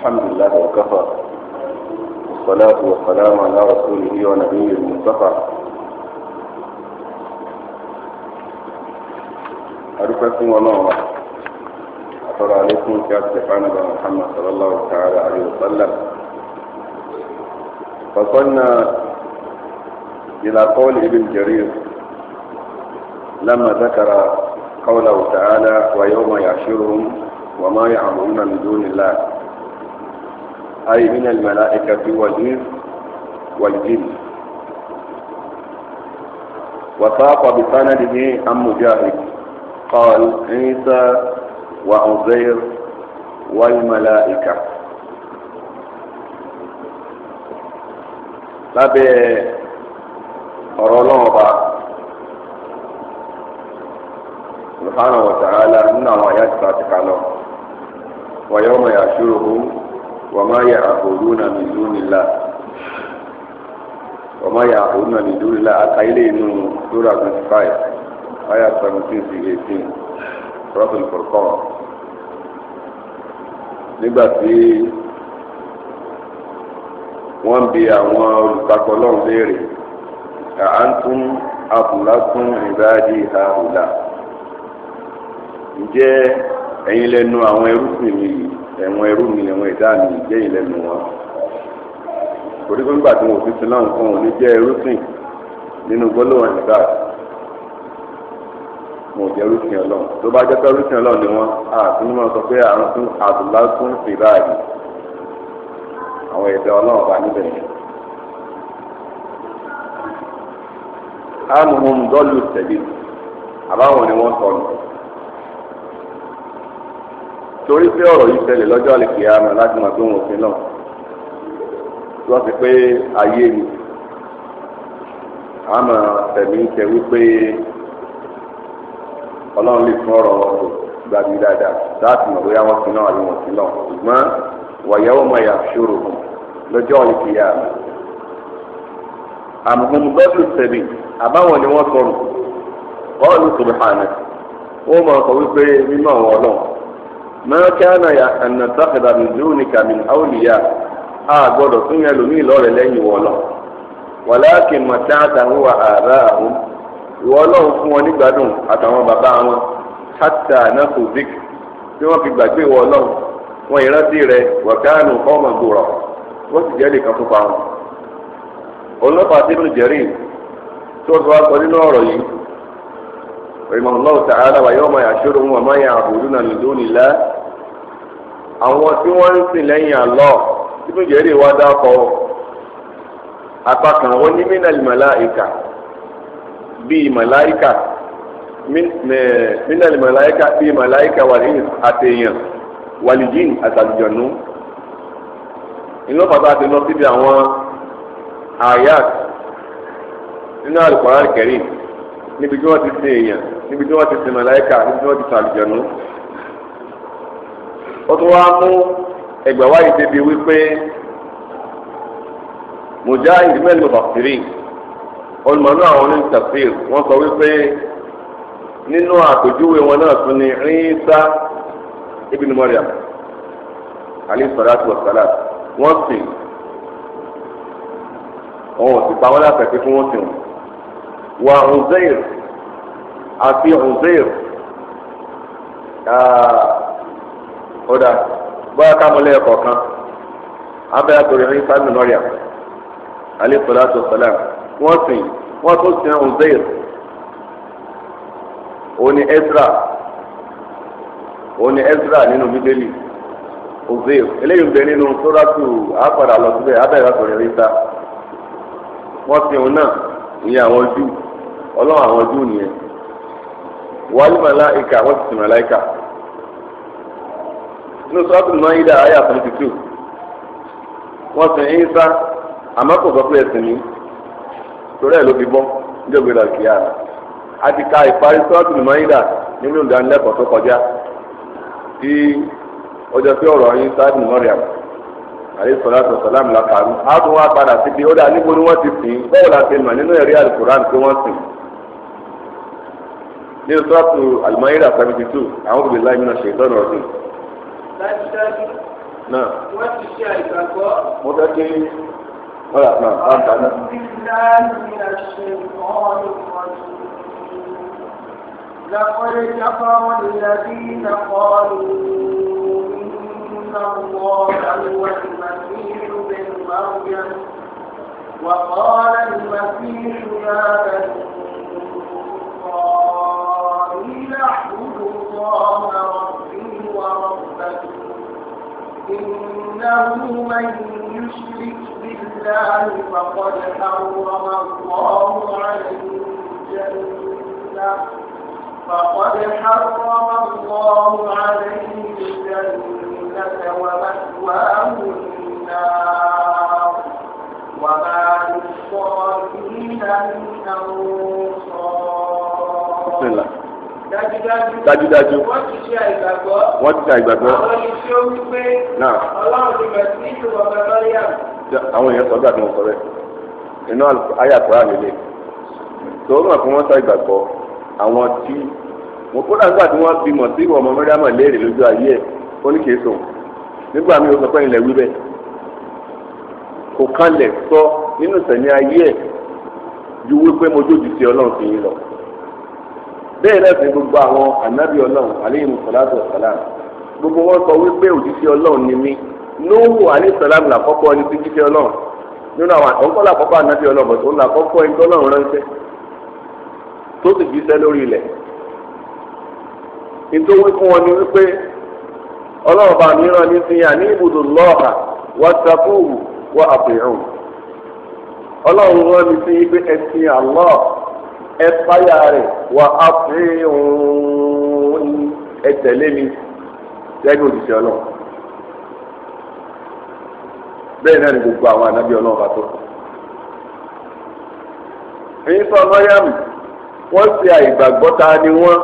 الحمد لله وكفى والصلاة والسلام على رسوله ونبيه المصطفى أرككم ونورا أطلع عليكم كيف سبحانه محمد صلى الله تعالى عليه وسلم فصلنا إلى قول ابن جرير لما ذكر قوله تعالى ويوم يعشرهم وما يعبدون من دون الله أي من الملائكة والإنس والجن وساق بسنده عن مجاهد قال عيسى وعزير والملائكة lábẹ́ ọ̀rọ̀ ọlọ́run ọba subhanahu wa ta'ala nínú àwọn àyájọ́ àti kálọ̀ wa yawma yahshuruhum وما يعبدون من دون الله وما يعبدون من دون الله أكايلي إنه سورة 25 آية 17 18 سورة الفرقان nígbà tí wọ́n bi àwọn olùtakọ̀ lọ́hùn léèrè àántún abùlátún ìbáàdì ìhàhùlà ǹjẹ́ ẹ̀yin lẹ́nu àwọn ẹrúsìn yìí ẹ̀wọ̀n ẹrú mi ẹ̀wọ̀n ẹ̀dá mi ìjẹ́ ìlẹ́nu wọn torí pé nígbà tí wọn ò fi sinú àwọn kan ò ní jẹ́ ẹrúsìn nínú gbólóhùn ìgbà wọn ò jẹ́ ẹrúsìn ọlọ́run tó bá jẹ́ pé ẹrúsìn ọlọ́run ni wọ́n àtúntò máa sọ pé àrùn tún àdùlá tún fi báyìí àwọn ẹ̀dá ọlọ́run bá níbẹ̀ yẹn. àmùhùn dọ́lù tẹ̀lé àbáwọn ni wọ́n sọ nù torí pé ọ̀rọ̀ yìí ṣẹlẹ̀ lọ́jọ́ àlèkè àmọ́ láti mọ̀ pé wọn ò fi náà tí wọ́n ti pé ayé mi àmọ́ tẹ̀mí ń tẹ wípé ọlọ́run lè fún ọ̀rọ̀ wọn gbàgbé dáadáa láti mọ̀ bóyá wọn fi náà àbí wọn fi náà ṣùgbọ́n wàyẹ̀wò mọ̀ ẹ̀yà ṣòro lọ́jọ́ àlèkè àmọ́ àmọ́ gbọ́dọ̀ tẹ̀mí àbáwọn ni wọ́n sọ̀rọ̀ bọ́ọ̀lù sọ̀rọ̀ hàn ó mọ̀ ọ̀kọ̀ wípé nínú àwọn ọlọ́run. máa kí á náà àná sáfẹ̀dà mi dúró ní kàmí àwòlíyà á gbọ́dọ̀ tún yẹn lómi ìlọ́rẹ̀ lẹ́yìn wọ̀ lọ. wàláàkì mọ̀tá àtàwọn ààrá àhún ìwọ ọlọ́run fún wọn nígbàdùn àtàwọn bàbá wọn zik fi gbàgbé ìwọ wọn ìrántí رحمه الله تعالى ويوم يحشرهم وما يعبدون من دون الله àwọn tí wọ́n ń sìn lẹ́yìn àlọ́ tí mo jẹ́rìí wá dákọ̀ apá kan wọ́n ní mínà màláìka bíi màláìka mínà màláìka bíi màláìka wà ní àtẹ̀yàn wàlìjìn àtàlùjọ̀nù iná bàbá àti lọ síbi àwọn àyà nínú àlùkò àrùkẹ́rì níbi tí wọ́n ti sin èèyàn níbi tí wọ́n ti sin màláìkà níbi tí wọ́n ti sàlùjọ̀nù. ó tún wá mú ẹgbẹ́ wáyé débi wípé mujahid mẹ́lẹ̀ bàtírì olùmọ̀nú àwọn onítàfíìr wọ́n sọ wípé nínú àpèjúwe wọn náà tún ni Ìsá ibn Maryam alayhi salatu wa salam wọ́n sìn wọn ò sì pa wọn láti ẹ̀kẹ́ fún wọn sìn wọn wà Uzair àti Uzair ọ̀dà ah, bóyá kámúlẹ̀ ẹ̀kọ́ kan abẹ́rẹ́ àtòrí ní sábẹ̀ nọ́ọ̀rì àpò alẹ́ sọ̀rọ̀ àti ọ̀sọ̀lá wọ́n sìn wọ́n tún sin Uzair òun ni Ezra òun ni Ezra nínú bíbélì ozeir eléyìí ń bẹ nínú sóràtù àpàdà lọ síbẹ̀ abẹ́rẹ́ àtọ̀rẹ́ ríta wọ́n fi òun náà ìyẹn àwọn jù ọlọ́run àwọn júù nìyẹn wàhálì wọ́n ti sì màláìka inú sọ́ọ́tù náà yí dá ayé àtúntì tù wọ́n sin àmọ́ kò sọ pé torí ẹ̀ ló fi bọ́ ìlà kìíyà a ti ka ìparí sọ́ọ́tù náà yí dá nínú ìdánilẹ́kọ̀ọ́ tó kọjá tí ọjọ́ ọ̀rọ̀ làkàrú. a tún síbi ó dà ní sọ́ọ̀tù àlùmáyìrà seventy two àwọn òbí láì nínú ṣètò ọ̀nà ọ̀dún. dájúdájú. náà. wọ́n ti ṣe àìgbàgbọ́. mo fẹ́ kí ọ̀rọ̀ náà bá dáná. لقد كفر الذين قالوا إن أعبد الله ربي وربكم إنه من يشرك بالله فقد حرم الله عليه الجنة فقد حرم الله عليه الجنة ومأواه النار وما للصالحين من أنصار بسم الله dájúdájú wọ́n ti ṣe àìgbàgbọ́ wọ́n ti ṣe àìgbàgbọ́ àwọn iṣẹ́ wípé ọlọ́run ni mẹ̀sílíkì ọmọ mẹ́rìàm. àwọn èèyàn sọgbà tí wọn sọ rẹ inú àyà kọ́ra lélẹ̀ tó mọ̀ fún wọn sọ ìgbàgbọ́ àwọn tí mo kó dàgbà tí wọ́n bímọ sí ọmọ mẹ́rìàm léèrè lójú ayé ẹ̀ ó ní kìí sùn nígbà mi ò sọ pé ilẹ̀ wí bẹ́ẹ̀ kò kanlẹ̀ sọ nínú sẹ̀mí ayé ẹ̀ ju wípé mo jójú sí ọlọ́run fi yín lọ. bẹ́ẹ̀ náà gbogbo àwọn ànábì ọlọ́run aleyhi salatu gbogbo wọn sọ wípé òjíṣẹ́ ọlọ́run ni mí nóòwò aleyhi làkọ́kọ́ ẹni tí jíṣẹ́ ọlọ́run nínú àwọn àtọ́kọ́ làkọ́kọ́ ànábì ọlọ́run bọ̀tún làkọ́kọ́ ẹni tọ́lọ́run ránṣẹ́ tó sì jíṣẹ́ lórí ilẹ̀ nítorí fún wọn ni wípé ọlọ́run bá mi rán ní sí àní ibùdó lọ́ọ̀kà wọ́n ẹ rẹ̀ wà á fi hùn ẹ mi lẹ́yìn òṣìṣẹ́ ọlọ́run bẹ́ẹ̀ náà ni gbogbo àwọn ànábì ọlọ́run bá tó. èyí sọ mọ́yàmù wọ́n ṣe àìgbàgbọ́ ta ni wọ́n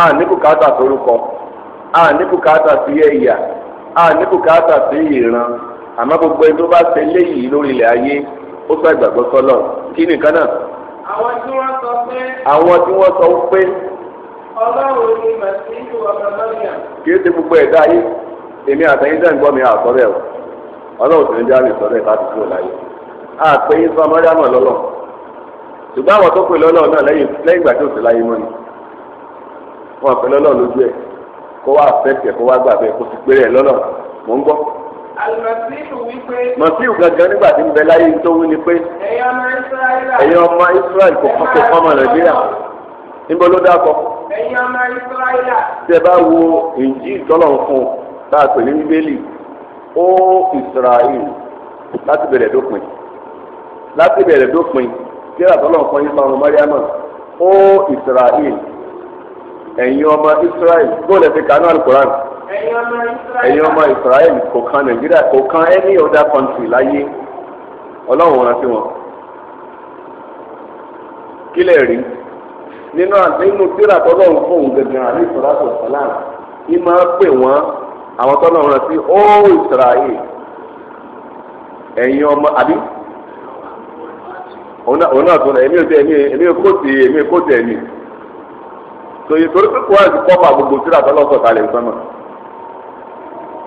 a ní bùkátà torúkọ a ní bùkátà sí ẹ̀yà ní bùkátà sí ìran àmọ́ gbogbo ẹni tó bá ṣe léyìí lórí ilẹ̀ ayé ó sọ ìgbàgbọ́ sọlọ kí nìkan àwọn tí wọ́n sọ pé. àwọn tí wọ́n sọ pé. ọlọ́run ni màsíhù ọmọ mọ́ríà. kì í ṣe gbogbo ẹ̀dá yìí èmi àtẹ̀yìn tẹ̀ ń gbọ́ mi àsọ bẹ́ẹ̀ o ọlọ́run tẹ̀lé jáde sọ bẹ́ẹ̀ láti kúrò láyé àpè yín sọ mọ́ríà mọ̀ lọ́lọ́ ṣùgbọ́n àwọn tó pè lọ́lọ́ náà lẹ́yìn ìgbà tí ò sí láyé mọ́ ni wọn pè lọ́lọ́ lójú ẹ̀ kó wá fẹ́ tẹ̀ kó wá gbà bẹ́ẹ̀ kó ti péré ẹ̀ lọ́lọ́ mò ń gbọ́ masiu gangan nígbà tí ń bẹ láyé tó wí ni pé ẹ̀yin ọmọ israẹl kò kọ́ ọmọ nàìjíríà níbo ló dákọ. ẹ̀yin ọmọ israẹl. tí ẹ bá wo èjì ìtọ́lọ̀ fún un tá a pè ní bíbélì ó israẹl láti bẹ̀rẹ̀ dópin láti bẹ̀rẹ̀ dópin tí ẹ bá tọ́lọ̀ fún yín sọ̀rọ̀ mọ́ríámà ó israẹl ẹ̀yin ọmọ israẹl bó lè fi kánú àlùkò ránù ẹ̀yin ọmọ Israẹli kò kan Nàìjíríà kò kan any other country láyé ọlọ́run rántí wọn kílẹ̀ rí nínú nínú tíra tọ́lọ́run fóun gẹ̀gẹ̀ àrí ìfọ̀rọ̀sọ̀ sàlám ní máa pè wọ́n àwọn tọ́lọ́run rántí ó Israẹli ẹ̀yin ọmọ àbí òun náà tó ẹ̀mí òtí ẹ̀mí ẹ̀mí kóòtù ẹ̀mí kóòtù ẹ̀mí tòyè torí pé kó wá ti kọ́ fà gbogbo tíra tọ́lọ́sọ̀ kalẹ̀ nǹkan náà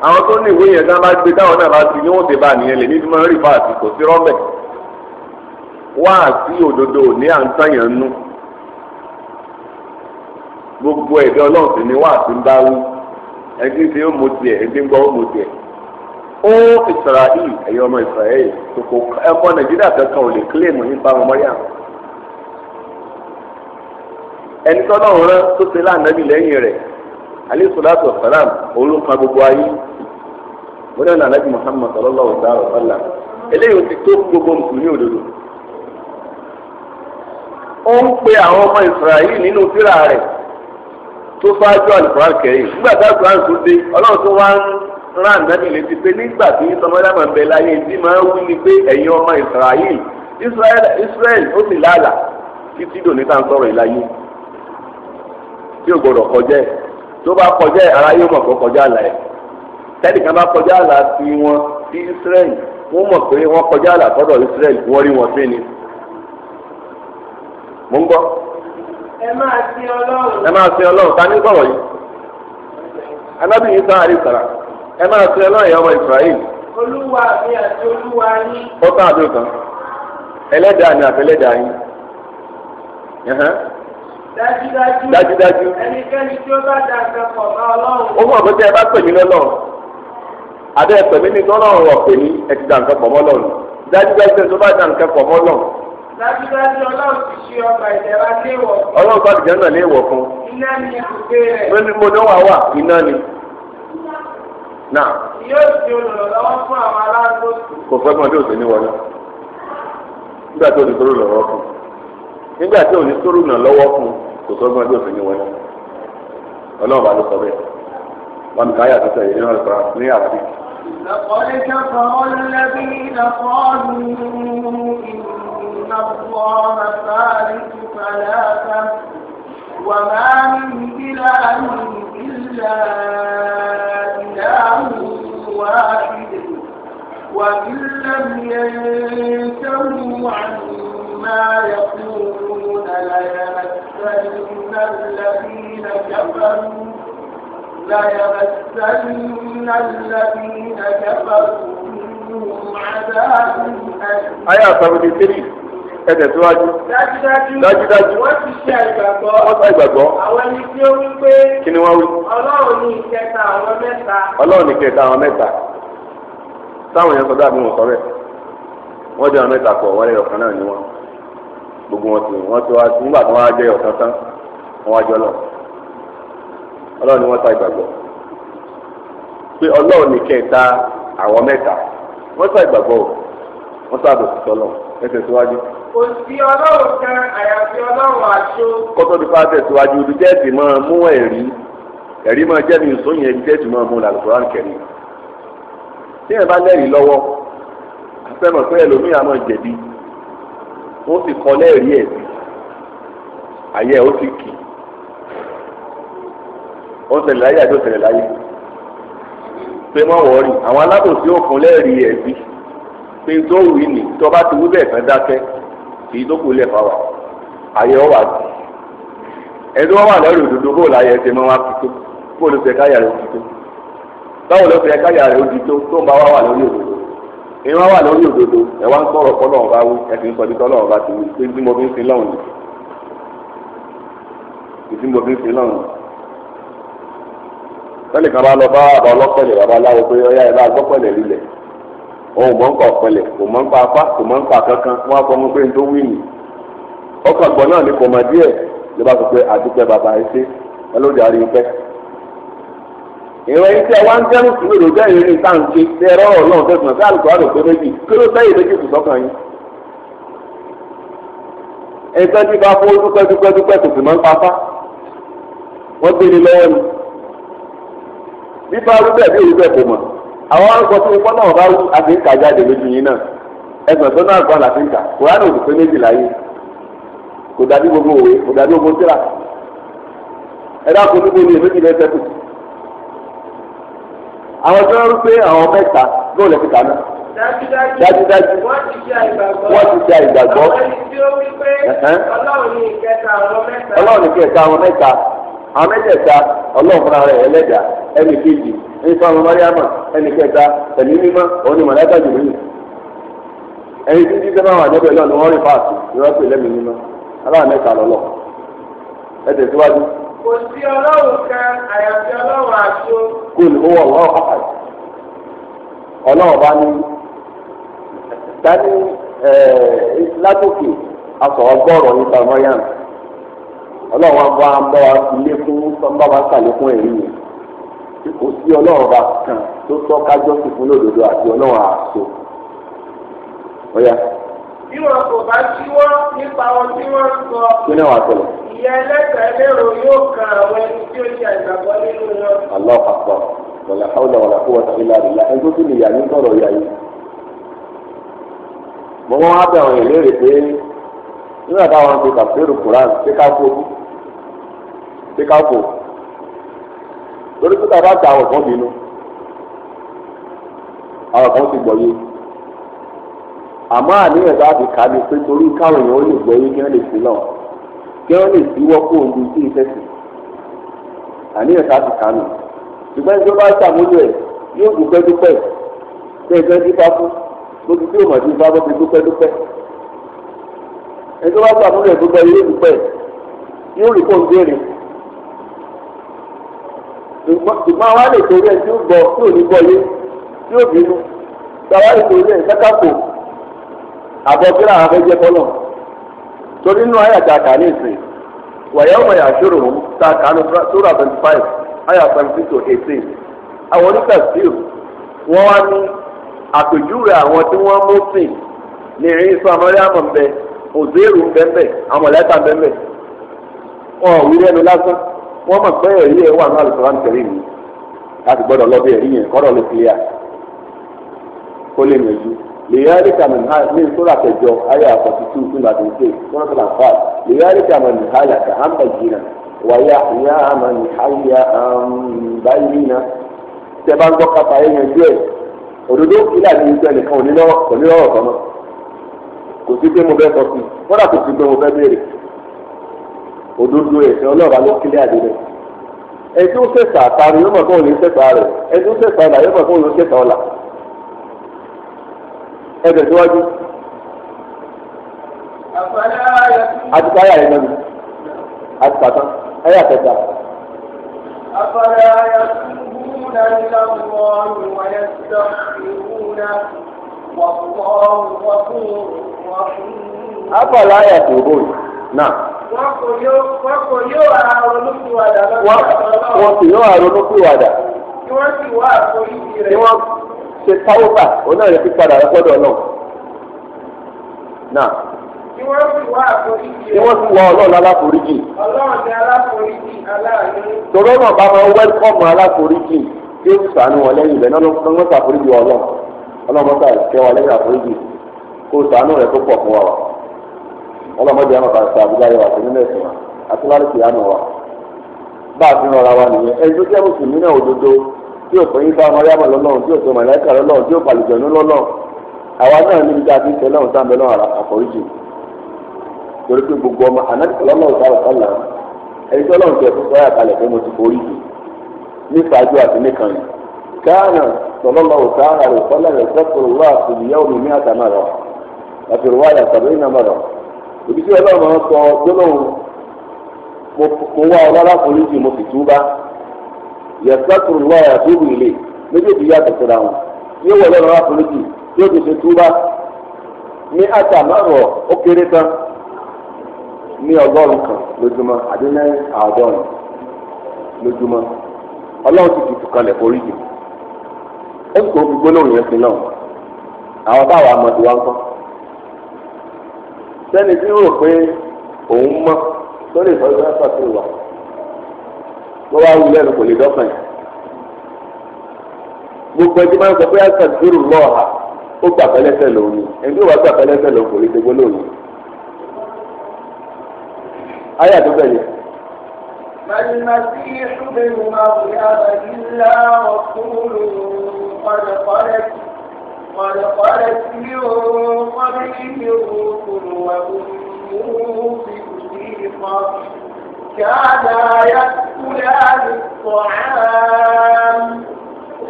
àwọn tó ní ìwé yẹn tí wọn bá gbé táwọn náà bá ti ní wọn ti bá nìyẹn lè ní ìdúmọ̀ rí fáàtì kò sí rọ́bẹ̀ wá sí òdodo ní à ń tàyàn nú gbogbo ẹ̀dọ́ ọlọ́run sì ni wá sí ń bá wí ẹgbẹ́ tí ó mú tiẹ̀ ẹgbẹ́ ń gbọ́ ó mú tiẹ̀ ó Ísírẹ́lì ẹ̀yọ́ ọmọ Ísírẹ́lì kòkò ẹ̀kọ́ Nàìjíríà kankan ò lè kílèmù nípa ọmọ yà ẹni tọ́lọ́run rán tó ṣe láǹdẹ́bì lẹ́yìn rẹ̀ alayhi salatu wa salam olùkọ́ gbogbo ayé wọ́n dẹ̀ nàlẹ́ bí muhammad sallallahu alayhi wa sallam eléyìí ti tó gbogbo mùsùlùmí òdodo ó ń pe àwọn ọmọ israẹli nínú tírà rẹ̀ tó fáájú alukoran kẹrin nígbà tí alukoran tó dé ọlọ́run tó wá ń rán ànábì létí pé nígbà tí sọmọdàmọ̀ ń bẹ láyé tí máa ń wí ni pé ẹ̀yin ọmọ israẹli israẹli ó sì lálàá títí dòní tá à ń sọ̀rọ̀ ìláyé tí ò gbọdọ̀ kọjá ẹ̀. tó bá kọjá ara mọ̀ kó kọjá àlà ẹ̀ tẹ́nìkan bá kọjá àlà sí wọn sí Israẹli wọ́n mọ̀ pé wọ́n kọjá àlà fọ́dọ̀ Israẹli wọ́n rí wọn sí ni. mo ń gbọ́. ẹ máa sin Ọlọ́run. ẹ máa sin Ọlọ́run ta ní sọ̀rọ̀ yìí. anábìyí ẹ máa sin Ọlọ́run ọmọ Israẹli. olúwa mi dájúdájú dájúdájú ẹnikẹ́ni tí ó bá da pọ̀ mọ́ ọlọ́run. ó mọ̀ pé ẹ bá pè mí lọ́nà àbẹ́ ẹ da pọ̀ mọ́ lọ́run dájúdájú ẹ tó bá pọ̀ mọ́ lọ́run. dájúdájú ọlọ́run ti ṣe ọgbà ọlọ́run bá dìjọ́ náà léèwọ̀ fún. iná ni ni. yóò ṣe olùrànlọ́wọ́ fún àwọn aláàbò. kò fẹ́ kò sọ́gbọ́n ẹgbẹ́ òfin ní wọlé ọlọ́run bá ló sọ bẹ́ẹ̀ wọn ní káyà tó tẹ̀lé nínú ọ̀sán ní àbí. لقد كفر الذين قالوا إن الله ثالث ثلاثة وما من إله إلا إله واحد وإن لم ينتهوا عنه ما يقولون ليمسن الذين كفروا ليمسن الذين كفروا منهم عذاب أليم آية 73 ẹsẹ̀ síwájú. dájúdájú wọ́n ti ṣe àgbàgbọ́. wọ́n ṣe àgbàgbọ́. àwọn ẹni tí ó wí pé. kí ni wọ́n wí. ọlọ́run ní ìkẹta àwọn mẹ́ta. ọlọ́run ní ìkẹta àwọn mẹ́ta. táwọn èèyàn sọ dáàbò wọn sọ bẹ́ẹ̀. wọ́n jẹ́ àwọn mẹ́ta pọ̀ wọ́n lè ọ̀kan náà ni wọ́n gbogbo wọn ti wọn ti wá nígbà tí wọn á jẹ ọ̀tán tán wọn wá jọ lọ ọlọ́run ni wọ́n ta ìgbàgbọ́ pé ọlọ́run ní kẹta àwọn mẹ́ta wọ́n ta ìgbàgbọ́ o wọ́n sábà sí tọ́lọ̀ ẹ tẹ̀síwájú. kò sí ọlọ́run kan àyàfi ọlọ́run àṣọ. kọ́tọ́ ti fa tẹ̀síwájú ibi tẹ́ẹ̀sì máa mú ẹ̀rí ẹ̀rí máa jẹ́ mi ìsóyìn ẹ̀rí tẹ́ẹ̀sì máa mú làlùkùránì kẹ̀rí. tí ẹ bá lẹ́rìí lọ́wọ́ àfẹ́mọ̀ pé ẹlòmíràn máa jẹ̀bi wọ́n sì kọ́ lẹ́ẹ̀rí ẹ̀ sí ayé ẹ̀ ó sì kì ó ṣẹlẹ̀ láyé àti ó ṣẹlẹ̀ láyé pé wọ́n wọ̀ọ́rì àwọn alábòsí ó fún lẹ́ẹ̀rí ẹ̀ sí pé tó wù ní tó bá ti wí bẹ́ẹ̀ tán dákẹ́ kì í tó kù lẹ̀ fáwà ayé ọ wà sí ẹni wọ́n wà lẹ́rù òdodo bó láyé ẹsẹ̀ mọ́ wá fi tó bó ló fẹ́ káyà rẹ̀ ó báwo ló fẹ́ káyà rẹ̀ ó tó ń bá wà wà lórí òdodo ìran wà lórí òdodo ẹ wá ń sọ̀rọ̀ kọ́ lọ́wọ́ bá wí ẹ fi ń sọ títọ́ lọ́wọ́ bá ti wí pé tí mo fi ń sin lọ́hùn ni tí mo fi ń sin lọ́hùn ni. sẹ́nì kan bá lọ bá bàbá ọlọ́pẹ̀lẹ̀ bàbá aláwo pé ọyá ẹ bá gbọ́pẹ̀lẹ̀ lílẹ̀ òun mọ̀ ń pa ọ̀pẹ̀lẹ̀ kò mọ̀ ń pa apá kò mọ̀ ń pa kankan wọ́n á fọmọ pé n tó wí nì. ọkọ̀ àgbọ̀n náà ni kò mọ̀ díẹ̀ ló bá sọ pé àdúpẹ́ bàbá ẹ ṣe ẹ ló darí pẹ́ ìwé iṣẹ́ wa ń tẹ́nu sí ìlú bẹ́ẹ̀ yẹn ní sáǹkì ẹ̀rọ ọlọ́run tẹ̀sán sí àlùkò àlùkò méjì kí ló sẹ́yìn méjì kù sọ́kàn yín. ẹ̀sán tí bá fún dúpẹ́ dúpẹ́ dúpẹ́ kò sì máa ń papá wọ́n gbé ní lọ́wọ́ ni. bí bá rú bẹ́ẹ̀ bí òru bẹ́ẹ̀ kò mọ̀ àwọn àǹkọ́ tí wọ́n náà bá rú àti ń kà jáde lójú yín náà ẹ̀sán tó náà gbọ́n láti ń kà kòránì àwọn tó ń pé àwọn mẹ́ta ló lè fi kàánú. dájúdájú wọ́n ti ṣe àìgbàgbọ́. wọ́n ti ṣe àìgbàgbọ́. àwọn ẹni tí ó wí pé ọlọ́run ní ìkẹta àwọn mẹ́ta. ọlọ́run ní ìkẹta àwọn mẹ́ta àwọn mẹ́tẹ̀ẹ̀ta ọlọ́run fúnra rẹ̀ ẹlẹ́dà ẹnì kejì ẹnì fáwọn mariama ẹnì kẹta ẹnì mímọ́ òun ni màláíkà jùlọ yìí ẹni tí jíjẹ wà wọ́n rí fáàtì ìrọ́pẹ̀ lẹ́mìí mímọ́ aláàmẹ́ta lọ́lọ́ ẹ tẹ̀síwájú. kò sí ọlọ́run kan àyàfi ọlọ́run àṣọ. kúl ó wà wọ́n ọ̀hà ọlọ́run bá ní dání látòkè asọ̀rọ̀ gbọ́ọ̀rọ̀ nípa mọ́yàn ọlọ́run abọ́ ilé fún sọ́nbà bá sàlékún ẹ̀rí yẹn kò kan tó tọ́ kájọ́sì fún lódodo àti ọlọ́run àṣọ. bí wọn kò bá síwọ́ nípa ohun tí wọ́n ń sọ. nínú àwọn àtẹlẹ. ìyá ẹlẹ́sẹ̀ lérò yóò kan àwọn ẹni tí ó ṣe àgbàgbọ́ nínú wọn. Allahu akbar wala hawla wala quwwata illa billah ẹni tó sì lè yà ní sọ̀rọ̀ yà yìí. mo wọ́n á bẹ̀ àwọn ìlérè pé nígbà táwọn ti tàfsírù Qur'an ṣé ká kó lórí pípa bá ta àwọn kan bínú àwọn kan ti gbọ̀ yìí àmọ́ àníyàn bá fi kà mí pé torí káwọn èèyàn ó lè gbọ́ yín kí wọ́n lè sí náà kí wọ́n lè sí wọ́pọ̀ omi sí ìfẹsẹ̀ àníyàn bá fi kà mí ṣùgbọ́n ẹni tó bá ṣàmúlò ẹ̀ yóò dúpẹ́ dúpẹ́ ṣé ẹgbẹ́ dípa fún lójú tí òmò dípa bó fi dúpẹ́ dúpẹ́ ẹni tó bá ṣàmúlò ẹ̀ dúpẹ́ yóò dúpẹ́ yóò rí fóun béèrè ṣùgbọ́n àwa lè torí ẹ̀ tí ó gbọ́ tí ò ní gbọ́ yé tí ò àbọ̀kíra àwọn afẹ́jẹ́ kọ́lọ̀ torí nínú àyà tá a kà ní ìsìn wàyà ọmọ yà ṣòro hùn tá a kà ní sura twenty five àyà twenty six to eighteen àwọn oníkàsíù wọ́n wá ní àpèjúwe àwọn tí wọ́n mú sìn ní ìrìn sọ amọ́ríàmọ̀ ń bẹ òzèrú bẹ́ẹ̀ àwọn mọ̀lẹ́ta bẹ́ẹ̀ wọn ò wí lẹ́nu lásán wọ́n mọ̀ pé ẹ̀rí ẹ̀ wà ní alùpùpù àǹtẹ̀rì mi láti gbọ́dọ̀ lọ bí ẹ̀rí yẹn kọ́rọ̀ لذلك من ها من سورة الجو آية 42 سورة سورة الأنفال لذلك من هلك عن بينة ويحيى من حي عن بينة تبان بقى طعين الجو òdodo ilé àti iṣẹ́ nìkan ò ní lọ́wọ́ ẹ bẹ̀ síwájú. àti ká yàrá ìnáwó àti pàtó ẹ yà tẹ̀ta. أفلا يتوبون إلى الله ويستغفرونه والله غفور رحيم أفلا يتوبون نعم wọn kò yóò ara ronúkúwàdà lọ́wọ́ ọlọ́run. kò yóò ara ronúkúwàdà. kí wọ́n sì wá àforíjì rẹ̀. ṣe táwọ́fà òun náà yẹ kí padà na. náà. wọ́n wá àforíjì. wọ́n wá ọlọ́run aláforíjì. ọlọ́run aláforíjì aláàánú. náà bá máa wẹ́lkọ́mù aláforíjì sì sànú wọn lẹ́yìn ibẹ̀ náà sàforíjì wọn lẹ́yìn fún wa sí wa tí ò pé ifá mariam lọ́lọ́run tí ò pé màláìka lọ́lọ́run tí ò pé àlùjọ̀nú lọ́lọ́run àwa náà níbi tá a ti tẹ̀lé ọ̀hún sáàbẹ̀ náà àforíjì torí pé gbogbo ọmọ ànábìkọ̀ lọ́lọ́run sáà sálà ẹni tí ọlọ́run tẹ̀ fún sọ́yà kalẹ̀ pé mo ti forí jù nípa ajú àti nìkan yìí káànà sọlọ́lọ́ òtáàrà rẹ̀ sọ́lá rẹ̀ sọ́kùrù wá àtùnìyàwó mi ní àtàmàrà àtùrù wá yàtàbí nàmàrà òbí tí ọlọ́run sọ gbólóhùn mo wá ọlọ́lá forí jù mo sì túbá yasakuru lọ yatubu ilé méjèèjì yàtọ̀ síra wọn yóò wọlé ọ̀rọ̀ àforíjì tí ó ti ṣe tuba ni àtàmárọ̀ kan lójúmọ́ àbí ní àádọ́rùn lójúmọ́ ọlọ́run ti tutù kalẹ̀ foríjì ó sì kò fi gbólóhùn yẹn sí náà àwọn wa tí wọ́n wá wulẹ̀ ní kò lè dọ́kàn yìí. gbogbo ẹjọ́ máa ń sọ pé àìsàn dúró lọ́ọ̀ha ó gbà pẹ́lẹ́sẹ̀ lòun ni ẹni tó wà gbà pẹ́lẹ́sẹ̀ lòun kò lè dégbó lónìí. ayé àdúgbò yìí. فالمسيح ابن مريم إلا رسول قد خلت قد خلت من قبله الرسل وأمه صديقة كانا يأكل فلان الطعام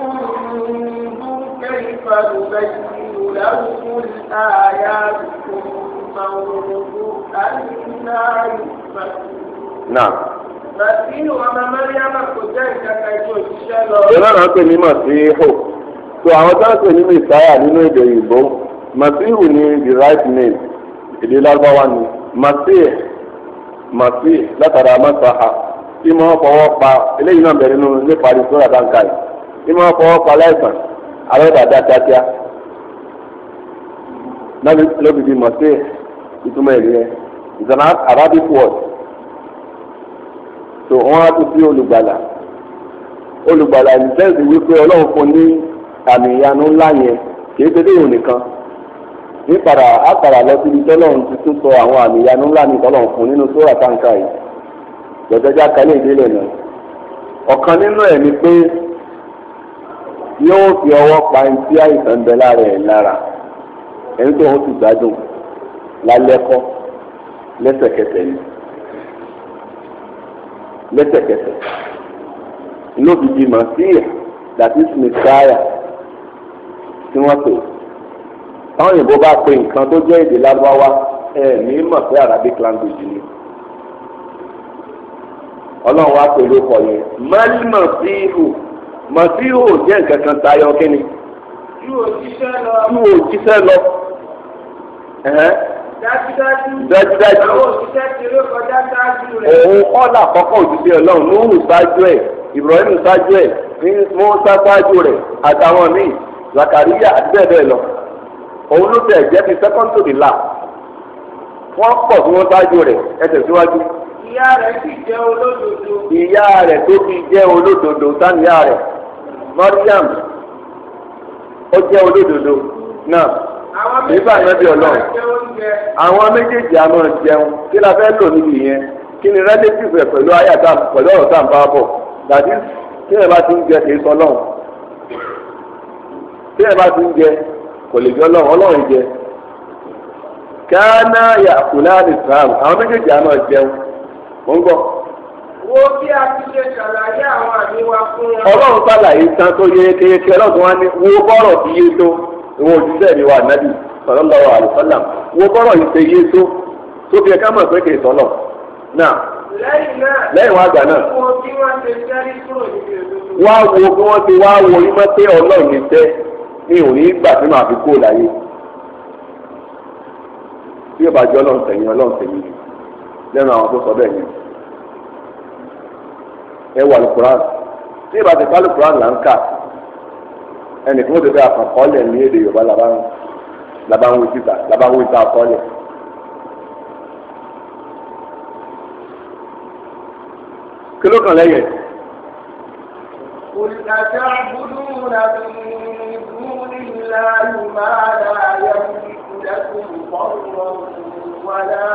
انظر كيف نبين لهم الآيات ثم انظر أنا يؤفكون نعم ìlànà pè ní masihu so àwọn tá à ń pè ní messiah nínú èdè òyìnbó masihu ni the right name èdè lárúbáwá ni masih masih látara masaha ìmọ̀ ọ̀pọ̀wọ́ pa eléyìí náà bẹ̀rẹ̀ nínú nípa ní sọ́ra báńkà yìí ìmọ̀ ọ̀pọ̀wọ́ pa láìsàn alọ́dàdá kíákíá náà lóbi bíi mọ̀sí ìtumọ̀ èlé yẹn it's an Arabic word so wọ́n á tún bí olùgbàlà olùgbàlà ìlẹ́sìn wípé ọlọ́run fún ní àmì ìyanu ńlá yẹn kì í ṣe déyìn nìkan ní padà á padà lọ síbi tọ́lọ́run ti tún sọ àwọn àmì ìyanu ńlá ní tọ́lọ́run fún nínú sóra táǹkà yìí lọ́jọ́jà kálí ìdílé náà ọ̀kan nínú ẹ̀ ni pé yóò fi ọwọ́ pa ẹni tí àìsàn ń bẹ lára ẹ̀ lára ẹni tó ń sì gbádùn lálẹ́kọ́ lẹ́sẹ̀kẹsẹ̀ ni lẹ́sẹ̀kẹsẹ̀ inú òbíbi màsíyà dàtí smithaya tí wọ́n pè táwọn òyìnbó bá pe nǹkan tó jẹ́ èdè lárúbáwá ẹ̀ ní mọ̀ sí arabic language ni ọlọ́run wá pẹ̀lú ọkọ̀ yẹn mali masihu masihu jẹ́ nǹkan kan tayọ kínní. ju òjíṣẹ́ lọ. dájúdájú dájúdájú àwọn òjíṣẹ́ ti ló kọjá dájú rẹ̀. òun ọ̀là àkọ́kọ́ òjíṣẹ́ ọlọ́run lóhùn ṣáájú ẹ̀ Ibrahim ṣáájú ẹ̀ Mùsá ṣáájú rẹ̀ àtàwọn míì Zakariya àti bẹ́ẹ̀ bẹ́ẹ̀ lọ. òun ló tẹ̀ jẹ́ ti second to the last. wọ́n pọ̀ tí wọ́n ṣáájú rẹ̀ ẹ̀ tẹ̀síwájú ìyá rẹ̀ sì jẹ́ olódodo. ìyá rẹ̀ tó fi jẹ́ olódodo sáníyá rẹ̀ Mariam ó jẹ́ olódodo náà nígbà yẹn bí ọlọ́run àwọn méjèèjì a máa jẹun kí la fẹ́ lò níbi yẹn kí ni relative rẹ̀ pẹ̀lú ayàtà pẹ̀lú ọ̀rọ̀ tá à ń bá bọ̀ dàbí tí ẹ bá ti ń jẹ kì í sọ lọ́hùn tí ẹ bá ti ń jẹ kò lè jọ lọ́hùn ọlọ́run jẹ káná yàkùlá nìkan àwọn méjèèjì a jẹun. mo ń bọ̀. wo bí a ti ṣe ṣàlàyé àwọn àmì wa fún wọn. ọlọ́run ṣàlàyé tán tó ọlọ́run wá ní wo bọ́rọ̀ yé tó ìwọ mi wà nábì wo bọ́rọ̀ yìí ṣe ẹ̀ká mọ̀ pé kì í lẹ́yìn wá náà wá wo bí wọ́n ti wá wo yín ọlọ́run ní ẹ wà lùkùrán tí ìbá ti bá lùkùrán là ń kà ẹnì kí wọ́n ti fẹ́ àkànkọ́lẹ̀ ní èdè yorùbá làbáwí síta làbáwí síta àkọ́lẹ̀. kí ló kàn lẹ́yìn. قل أتعبدون من دون الله ما لا يملك لكم ضرا ولا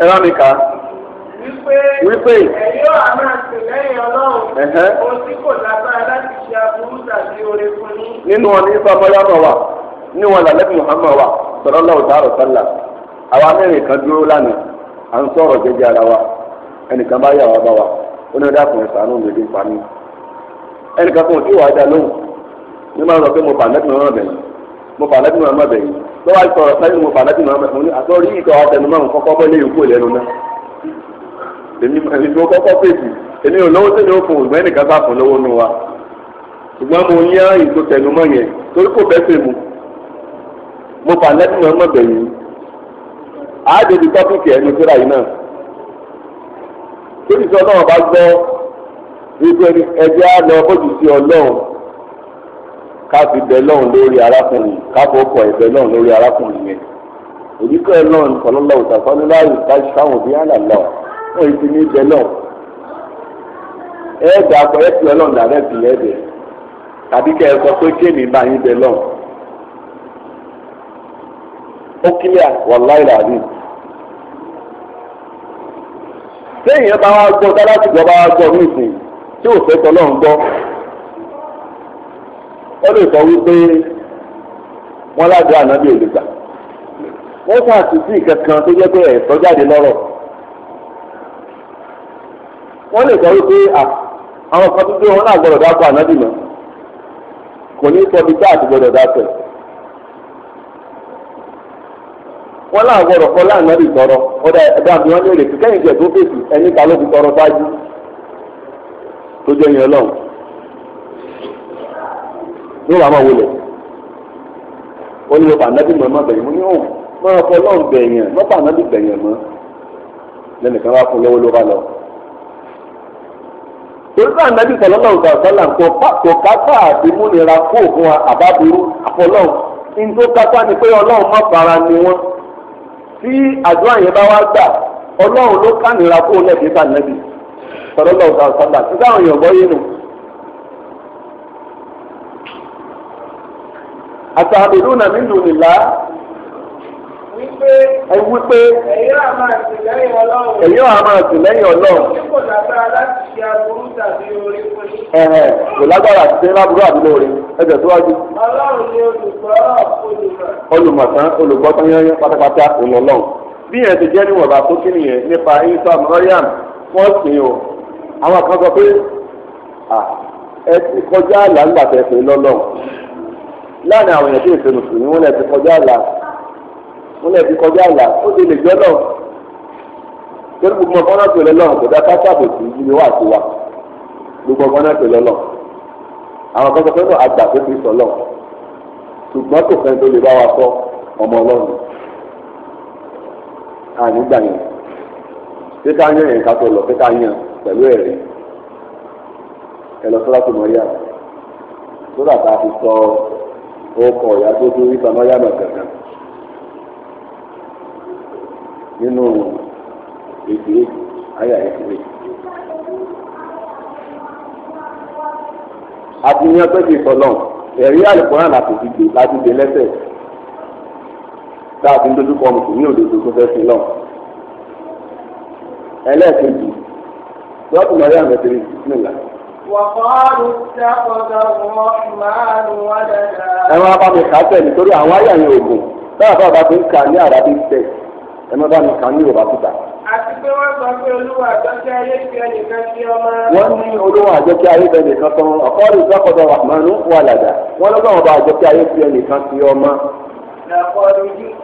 ẹ bá mi kà á. wípé ẹ̀yọ́ àmà àtìlẹ́yìn ọlọ́run ohun tí kò lágbára láti ṣe aburú tàbí oore fún yín. nínú wọn ní sọmọyọmọ wa nínú wọn làlẹ́ Muhammad wa sọ̀rọ̀ lọ́wọ́ sàrọ̀ sálà àwa mẹ́rin kan dúró lánàá à ń sọ̀rọ̀ jẹ́jẹ́ ara wa ẹnìkan bá yà wá bá wa ó ní ọdẹ àkùnrin sànú mi lè pa mí ẹnìkan kan ò tí wàá dá lóhùn ní máa ń lọ pé mo bà mẹ́tìmọ́ náà bẹ̀rẹ̀ mo fà lábì màmá bẹ̀yìn tó wá sọ̀rọ̀ sáyé mo fà lábì màmá mo ní àtọ́rí ìtọ́ àtẹnumọ́ àwọn kọ́kọ́ bọ́ ilé yòókù lẹ́nu náà èmi èmi mo kọ́kọ́ fèsì èmi ò lọ́wọ́ sẹ́ni ó fún ìgbẹ́ nìkan bá fún lọ́wọ́ nu wa ṣùgbọ́n mo yá ètò tẹnumọ́ yẹn torí kò bẹ́ fèmù mo fà lábì màmá bẹ̀yìn àádébi tọ́pìkì ẹnu síra yìí náà tóbi sọ náà bá gbọ́ wípé ẹgbẹ́ á lọ bójú sí ọlọ́run ká fi bẹ lọ́hùn lórí arákùnrin ká fọkọ̀ ẹ̀ bẹ lọ́hùn lórí arákùnrin yẹn òdìkọ́ ẹ lọ́hùn kọ́lọ́lọ́ òtàkọ́ni láàyè káwọn òbí àlà lọ wọ́n ti ní bẹ lọ́hùn ẹ dà pọ̀ ẹ ti ọlọ́run dàrẹ́ fi ẹ bẹ̀ tàbí kẹ́ ẹ sọ pé kéènì bá yín bẹ lọ́hùn ó kílíà wàláì làbí. téèyàn bá wá gbọ́ dáadáa ti gbọ́ bá wá gbọ́ ó lè sọ wípé wọ́n ládùú ànábì òlùgbà wọ́n ṣàtúntì kankan tó jẹ́ pé ẹ̀tọ́ jáde lọ́rọ̀ wọ́n lè sọ wípé àwọn kan tuntun wọn náà gbọ́dọ̀ dákọ̀ ànábì mọ́ kò ní sọ bíi tọrọ mi tó fèsì ẹni ló fi tọrọ ní wàá máa wọlé wọ́n ní lọ́pàá nábì mọ̀ bẹ̀yìn mo ní òun oh, máa fọ lọ́n bẹ̀yìn lọ́pàá nábì bẹ̀yìn mọ́ lẹ́nìkan wá fún lọ́wọ́ ló bá lọ. torí náà nábì sọlọ́nà ọ̀gá ọ̀sọ́là kò kápá àti múnira kó fún wa àbábúrú àfọlọ́n ìjó kápá ni pé ọlọ́run má fara ni wọ́n tí àdúrà yẹn bá wá gbà ọlọ́run ló kánira kó lẹ́ẹ̀dẹ́ta nábì sọlọ́nà ọ̀gá ọ̀sọ́là àtàbílùnà mi dùn nìlá ẹ wí pé ẹ̀yin á máa sìn lẹ́yìn ọlọ́run tí kò lágbára láti ṣe aburú tàbí orí fún yín. kò lágbára àti ṣe láburú àbí lóore ẹjọ́ síwájú. ọlọ́run ni olùgbọ́ olùmọ̀. olùmọ̀tán olùgbọ́ tán yányán pátápátá òun ọlọ́run bí yẹn ti jẹ́ níwọ̀n bá tó kí nìyẹn nípa isa mọ́ríàm wọ́n sìn o àwọn kan sọ pé ẹ ti kọjá àlàǹgbà tẹ̀sán lọ́lọ́run láàrin àwọn èèyàn tí èsè mùsùlùmí wọn lè fi kọjá àlà wọn lè fi kọjá àlà ó ti lè jẹ́ lọ torí gbogbo ọmọ náà pèlè lọ́rùn kò dá káṣá bò sí ibi wà sí wa gbogbo ọmọ náà pèlè lọ àwọn kan sọ pé náà àgbà tó fi sọ lọ ṣùgbọ́n kò fẹ́ tó lè bá wa sọ ọmọ ọlọ́run ànígbà yẹn ṣé ká yẹn yẹn ká tó lọ ṣé ká pẹ̀lú ẹ̀rí ẹ lọ sọ́dọ̀ tó mọ̀ yá sódà tá a fi sọ ọkọ̀ ọ̀yà tó tún rí pamọ́ yàgbà kankan nínú èdè àyà ìdílé. àti yan pé kì í sọlọ ẹ̀rí àlùkòrán láti dìde láti dé lẹ́sẹ̀ tá a fi ń dojúkọ mùsùlùmí òdodo tó fẹ́ sí lọ. ẹlẹ́ẹ̀kejì lọ́kùnrin ọ̀rẹ́ àmẹ́tẹ́rì nílà. وقالوا اتخذ الرحمن ولدا ẹ máa bá mi kà á tẹ̀ nítorí àwọn àyà yẹn ògùn báyà bá bá ti ń kà ní àràbí tẹ̀ ẹ máa bá mi kà ní yorùbá kúta. àti pé wọ́n sọ pé olúwa àjọkẹ́ ayé fi ẹnìkan sí ọmọ. wọ́n ní olúwa ayé fi ẹnìkan tán sí ọmọ. làkọ̀ọ́dù yìí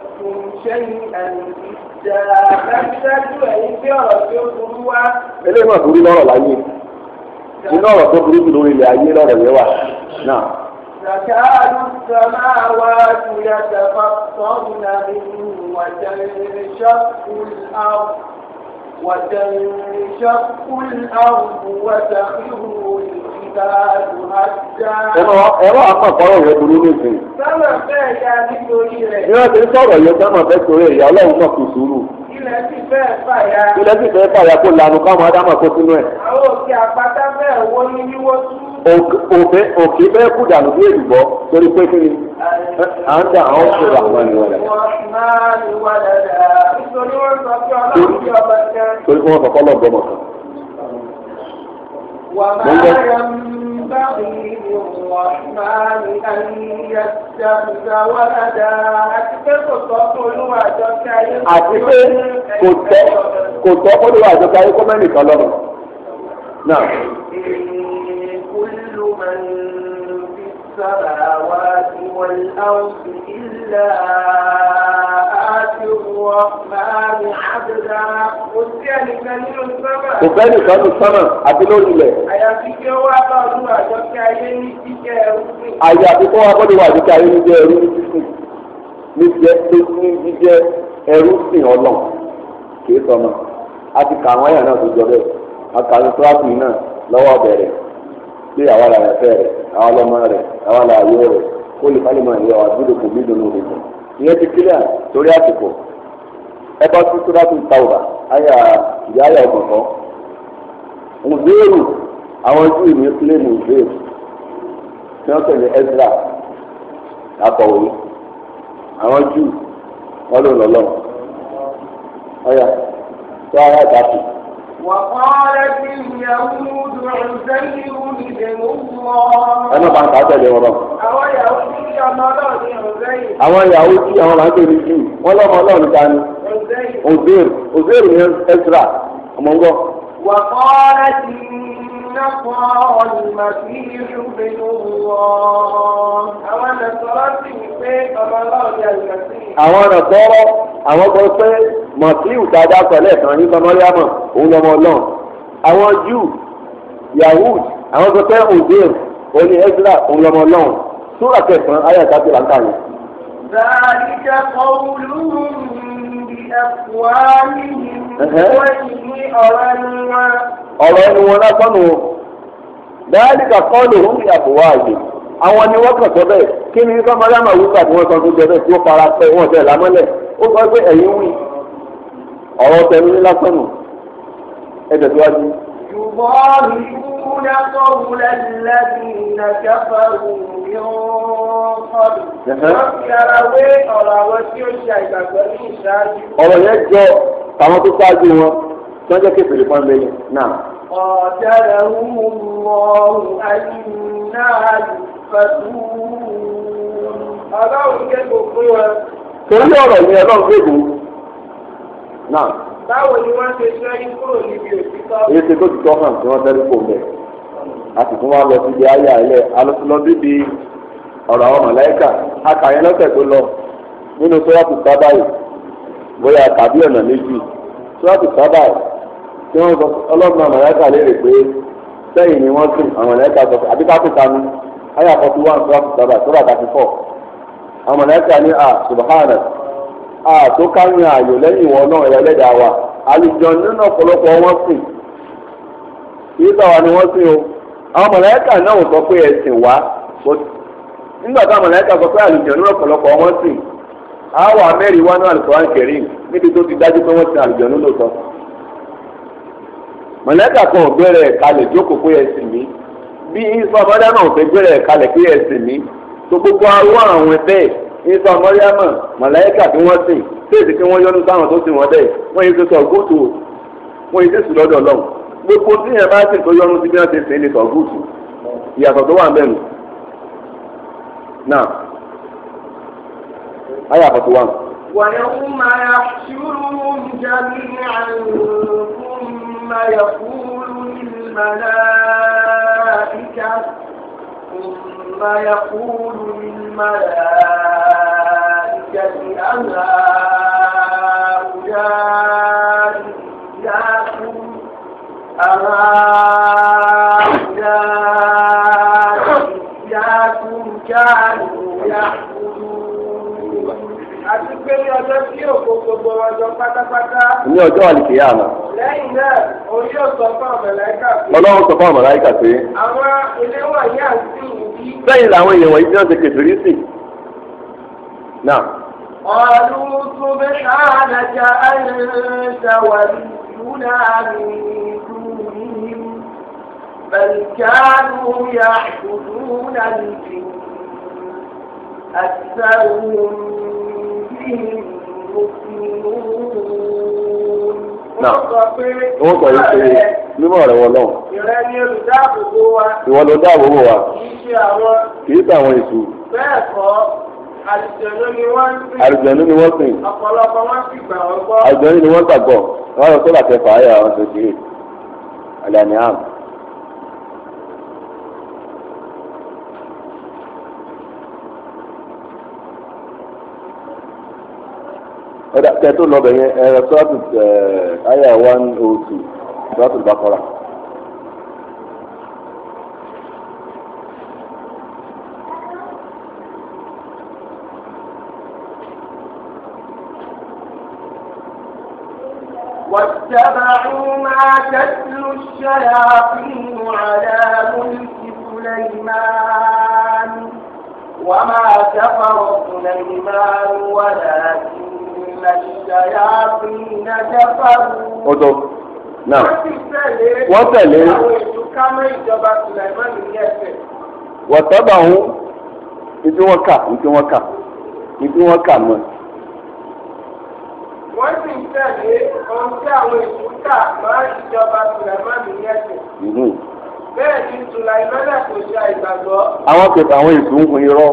burú lọ́rọ̀ láyé inú ọ̀rọ̀ tó burú jù lórí ilẹ̀ ayé lọ́rọ̀ yẹn wà náà. تكاد الأرض وتنشق الأرض وتخر الجبال هدا. ẹ̀rọ àpapọ̀rọ̀ rẹ̀ burú nísìnyí. sọ́mọ̀ bẹ́ẹ̀ ya nítorí rẹ̀. ní wọ́n ti sọ̀rọ̀ yẹn sọ́mọ̀ bẹ́ẹ̀ torí ẹ̀yà ọlọ́run náà kò sùúrù ilẹ̀ sì fẹ́ fàyà. kó lanu káwọn adámọ̀ kó sínú ẹ̀. àwọn òkè àpáta bẹ́ẹ̀ wó ní wíwó tú. òkè bẹ́ẹ̀ kú dànù bí èlùbọ́ torí pé kí ni à ń dà àwọn òṣèlú àwọn ènìyàn rẹ̀. nítorí wọ́n sọ pé ọlọ́run bí ọba jẹ́. torí wọ́n sọ pé ọlọ́run bọ́ mọ̀ kan. wàhálà yẹn ń ينبغي للرحمن أن يتخذ ولدا àti pé kò tọ́ kò tọ́ kó ló wà àjọkọ ayé kó mẹ́rin kan lọ́rùn náà. كل من في السماوات والأرض إلا آتي kò fẹ́ nìkan ní sánà àti lórí ilẹ̀. àyàfi kí ó wá bá olúwa àjọ kí ayé ní jíjẹ ẹrú sí. àyàfi kí ó wá bá olúwa àjọ kí ayé ní jíjẹ ẹrú sí. ní jẹ́ tó ní jíjẹ ẹrú sí ọlọ́run kì í sọmọ. a ti kà àwọn ẹ̀yà náà tó jọ bẹ́ẹ̀ a kà ní tíráàpù yìí náà lọ́wọ́ bẹ̀rẹ̀ pé àwa làyà fẹ́ rẹ̀ àwa lọ́mọ rẹ̀ àwa làyà yóò rẹ̀ kó lè fálẹ̀ ẹgbẹ́ tó tó dáa tó ìtawùrà àyà ìyá àyà ọ̀gbọ̀gbọ́. ǹzéèrù àwọn ojú ìwé kílẹ̀mù ǹzéèrù tí wọ́n pè ní Ezra akọ̀wé àwọn jù wọ́n lò lọ́lọ́ ọ̀yà tó ara dàpọ̀. وقالت اليهود عزير ابن الله أنا بعد هذا اليوم أو يهودي مرض عزير أو يهودي أو العزير الجن ولا مرض ثاني عزير عزير عزير من إسراء أمongst وقالت نصارى المسيح ابن الله àwọn nàṣọ́rọ́ sì wí pé ọmọ ọlọ́run ni àlùmọ́sí. àwọn nàṣọ́rọ́ àwọn kan pé mọ̀síù dáadáa pẹ̀lú ẹ̀sán nípa mọ́ríámọ̀ òun lọ́mọ ọlọ́run àwọn júù yahud àwọn kan pé òdèr òun ni ezra òun lọ́mọ ọlọ́run súrà kẹsàn-án ayé àtàkùn làǹkà yìí. ذلك قولهم ọ̀rọ̀ ẹnu wọn lásán nù o dáàlì kàkọ́ lòun ní àbúwá àyè àwọn ni wọ́n kàn sọ bẹ́ẹ̀ kí ni nípa mariam awúgbà tí wọ́n sọ tó jẹ bẹ́ẹ̀ tí ó fara pẹ́ wọ́n tẹ̀ lámọ́lẹ̀ ó sọ pé ẹ̀yin wí ọ̀rọ̀ tẹ̀mí ní lásán ẹ tẹ̀síwájú. يضاهئون قول الذين كفروا من قبل وكروا ọ̀rọ̀ àwọn tí ó ọ̀rọ̀ yẹn jọ àwọn tó ṣáájú wọn tí wọ́n jẹ́ kéfèrè fún ẹgbẹ́ yẹn náà. ọ̀dàlẹ̀ wúlọ́ọ̀rù àyínná àlùfẹ́tù ọlọ́run kẹ́kọ̀ọ́ fún wọn. torí ọ̀rọ̀ yẹn náà. báwo ni wọ́n ṣe sẹ́yìn kúrò níbi òtítọ́. èyí ti tọ́ hàn tí wọ́n tẹ́lẹ̀ fò mẹ́ a sì tún wá lọ síbi ayé bíbi ọ̀rọ̀ àwọn lọ nínú bóyá tàbí ọ̀nà méjì tíwájú sábà tí wọ́n sọ léèrè pé sẹ́yìn ni wọ́n sùn àwọn ẹ̀ka sọ pé àbí káàtó ta ni àyà fọ́tí wá tíwájú sábà tó ti fọ́ àwọn ẹ̀ka ní à subahana à tó káyìn ààyò lẹ́yìn ìwọ náà ẹ̀rọ ẹlẹ́dàá wa àlùjọ nínú ọ̀pọ̀lọpọ̀ wọn sìn kì ni wọ́n sìn o àwọn ẹ̀ka náà sọ àwọn amẹ́rin wá ní alukóran kẹrin níbi tó ti dájú pé wọ́n ti àlùjọ́nú lóòótọ́ mọ̀lẹ́kà kan ò gbẹ́rẹ̀ kalẹ̀ jókòó pé ẹ̀sìn mi bí ifá mọ́dámà ò fẹ́ gbẹ́rẹ̀ kalẹ̀ pé ẹ̀sìn mi tó gbogbo arúgbó àwọn bẹ́ẹ̀ ifá mọ́dámà mọ̀lẹ́kà tí wọ́n sìn fèsì kí wọ́n yọnu sáwọn tó sìn wọ́n bẹ́ẹ̀ wọ́n yìí ti sọ gúúsù wọ́n yìí ti sùn lọ́dọ̀ lọ́wọ́ gbogbo tí yẹn bá sìn tó yọnu sí bí wọ́n ti sìn lè aya forty one. ويوم يحشرهم جميعا ثم يقول للملائكة ثم يقول للملائكة أهؤلاء إياكم أهؤلاء إياكم كانوا يحشرون gbogbo wa. àti pé ní ọjọ́ tí yóò kó gbogbo wọn jọ pátápátá. ní ọjọ́ àlìkèyà àná. lẹ́yìn náà òun yóò sọ fún àmàlàíkà pé. ọlọ́run sọ fún àmàlàíkà pé. àwọn ilé wọ̀nyí àti ìdí. sẹ́yìn làwọn èèyàn wọ̀nyí tí wọ́n ti kẹfìrí sí. náà. ọ̀rùn tún bí sáàdàjà ẹ̀ńtà wà lúnà mi dùn أكثرهم بهم مؤمنون wọ́n gbà yín pé mímọ́ rẹ̀ wọ́n lọ́wọ́. ìrẹ́ ni olùdáàbòbò wa. ìwọ ló dáàbòbò wa. kì í ṣe àwọn. kì í ṣe àwọn èṣù. bẹ́ẹ̀ kọ́ àlùjẹ̀nu ni wọ́n ń sìn. àlùjẹ̀nu ni wọ́n sìn. ọ̀pọ̀lọpọ̀ wọ́n sì gbà wọ́n gbọ́. àlùjẹ̀nu ni wọ́n gbàgbọ́. wọ́n lọ sọ́dà kẹfà ayé àwọn tó kéré. àlẹ́ àmì àmì. ọ̀dà kẹ́tọ́ lọ́bẹ̀ yẹn ẹ̀rọ sọ́ọ̀tù àyà one oh two sọ́ọ̀tù bàkọ́rà. واتبعوا ما تتلو الشياطين على ملك سليمان وما كفر سليمان ولكن ọ̀tọ̀ náà wọ́n tẹ̀lé wọ́n tẹ́bà ń ibi wọ́n kà ibi wọ́n kà ibi wọ́n kà mọ́. wọ́n sì ń tẹ̀lé ohun tí àwọn èkó kà máa ń ìjọba sùlẹ̀mánì ní ẹ̀sẹ̀. Mm-hmm. bẹ́ẹ̀ ni sùlẹ̀mánì kò ṣe àìgbàgbọ́. àwọn kẹfà àwọn èkó ń hun irọ́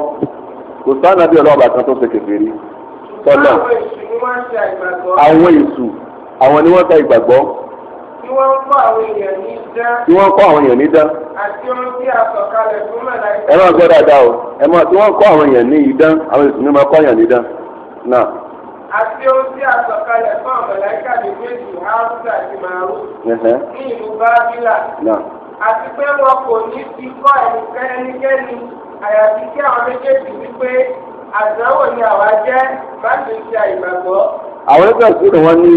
kò sáà nàbí ọlọ́ọ̀bà kan tó ṣe kẹfẹ́ rí. sọ́nà àwọn àwọn ni wọ́n ta ìgbàgbọ́ tí wọ́n awọn kọ́ àwọn èèyàn ní dán. dán. a ẹ máa gbọ́ dáadáa o ẹ máa tí wọ́n kọ́ àwọn èèyàn ní idán àwọn ni máa kọ́ èèyàn ní dán náà. àti ohun tí a sọ kalẹ̀ fún haúsá ní ìlú bábílà. àti pé wọn kò ní ti kọ́ ẹnikẹ́ni àyàfi kí àwọn méjèèjì àdánwò ni àwa jẹ́ bá ti ṣe àìgbàgbọ́. àwọn oníkàtí ni wọ́n ní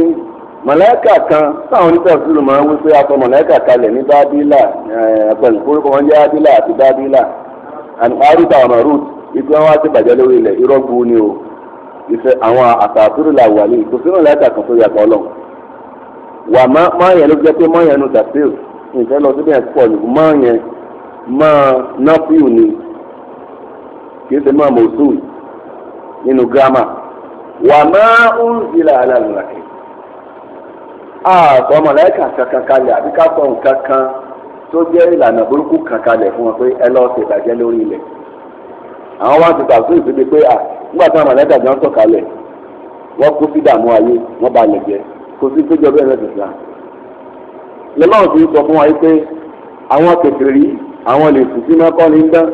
mọ̀lẹ́kà kan táwọn oníkàtí ló máa ń wí pé akọ mọ̀lẹ́kà kalẹ̀ ní bábílà eh, pẹ̀lú orúkọ wọn jẹ́ bábílà àti bábílà àrùtà ọ̀nà rúùtù ìpín wọn wá ti bàjẹ́ lórí ilẹ̀ irọ́ gbu ni o ìfẹ́ àwọn àtàtúrò là wà ní kò sínú lẹ́tà kan tó yàtọ̀ ọlọ́run wà má má yẹn ló jẹ́ pé má yẹn nu dàpẹ́ò ìfẹ́ lọ síbẹ̀ pọ̀ ní má yẹn má náfíù ni kì í ṣe má mọ̀ọ́sùn nínú gírámà wà máa ń zìlà alálùmọ̀kì àtọ́ mọ̀lẹ́kà kankan kalẹ̀ àbí ká sọ nǹkan kan tó jẹ́ ìlànà burúkú kan kalẹ̀ fún wọn pé ẹ lọ́ọ́ ṣe ìbàjẹ́ lórí ilẹ̀ àwọn wá ti tàbí ìfìdí pé à nígbà táwọn mọ̀lẹ́kà jọ ń sọ kalẹ̀ wọ́n kó sí dààmú ayé wọ́n bá lẹ̀ jẹ́ kó sí péjọ bẹ́ẹ̀ rẹ̀ tẹ̀sán lọ́lọ́run ti sọ fún wa pé àwọn kèfèrí àwọn lè sùn sí mọ́kànlélẹ́ńdán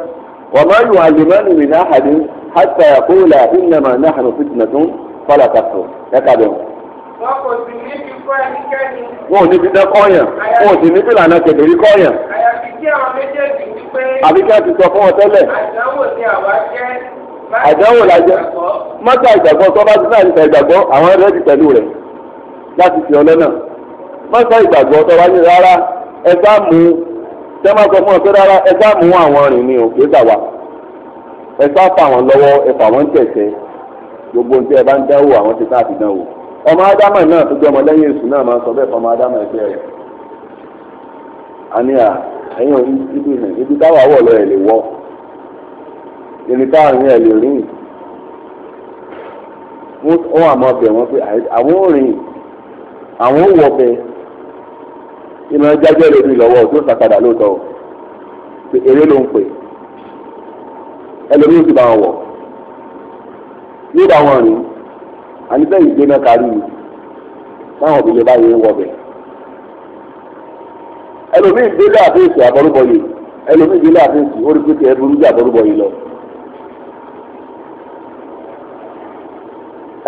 wọ́n máa ń àlùmọ́nì mìíràn àdéhùn حتى يقول إنما نحن فتنة فلا تكفر يكادون wọn ò ní fi dán kọ́yàn wọn ò sì ní fìlànà kẹ̀dẹ̀rí kọ́yàn. àyàfi kí àwọn méjèèjì ní pé. àbí kí a ti sọ fún wọn tẹ́lẹ̀. àdánwò ni àwa jẹ́. la jẹ́ mọ́tà ìgbàgbọ́ tó bá ti náà ti ta àwọn ẹ̀rọ ti pẹ̀lú rẹ̀ láti fi ọlẹ́ náà. mọ́tà ìgbàgbọ́ tó bá ní rárá ẹgbàá tẹ́ máa sọ fún ọ pé rárá ẹgbàá àwọn rìn ò kì í ẹ sá wọn lọwọ lọ́wọ́ ẹ fà gbogbo ohun ẹ bá ń dánwò àwọn ti sáà ti dánwò ọmọ ádámà náà tó jẹ́ ọmọ lẹ́yìn èṣù náà máa sọ bẹ́ẹ̀ fọmọ ádámà ẹgbẹ́ ibi ibi lọ lè wọ. ibi lè rìn pé àwọn ò rìn àwọn ò ìmọ̀ lórí lọ́wọ́ tó lóòótọ́ ẹlòmíì ti bá wọn wọ̀ yóò bá wọn rìn àníbẹ̀ ìgbéná kárí mi táwọn òbí lè bá yẹn wọ̀ bẹ̀. ẹlòmíì gbé láàbẹ̀sì àbọ̀rúbọ̀ yìí ẹlòmíì gbé láàbẹ̀sì ó rí pé kẹ́ ẹ burú jù àbọ̀rúbọ̀ yìí lọ.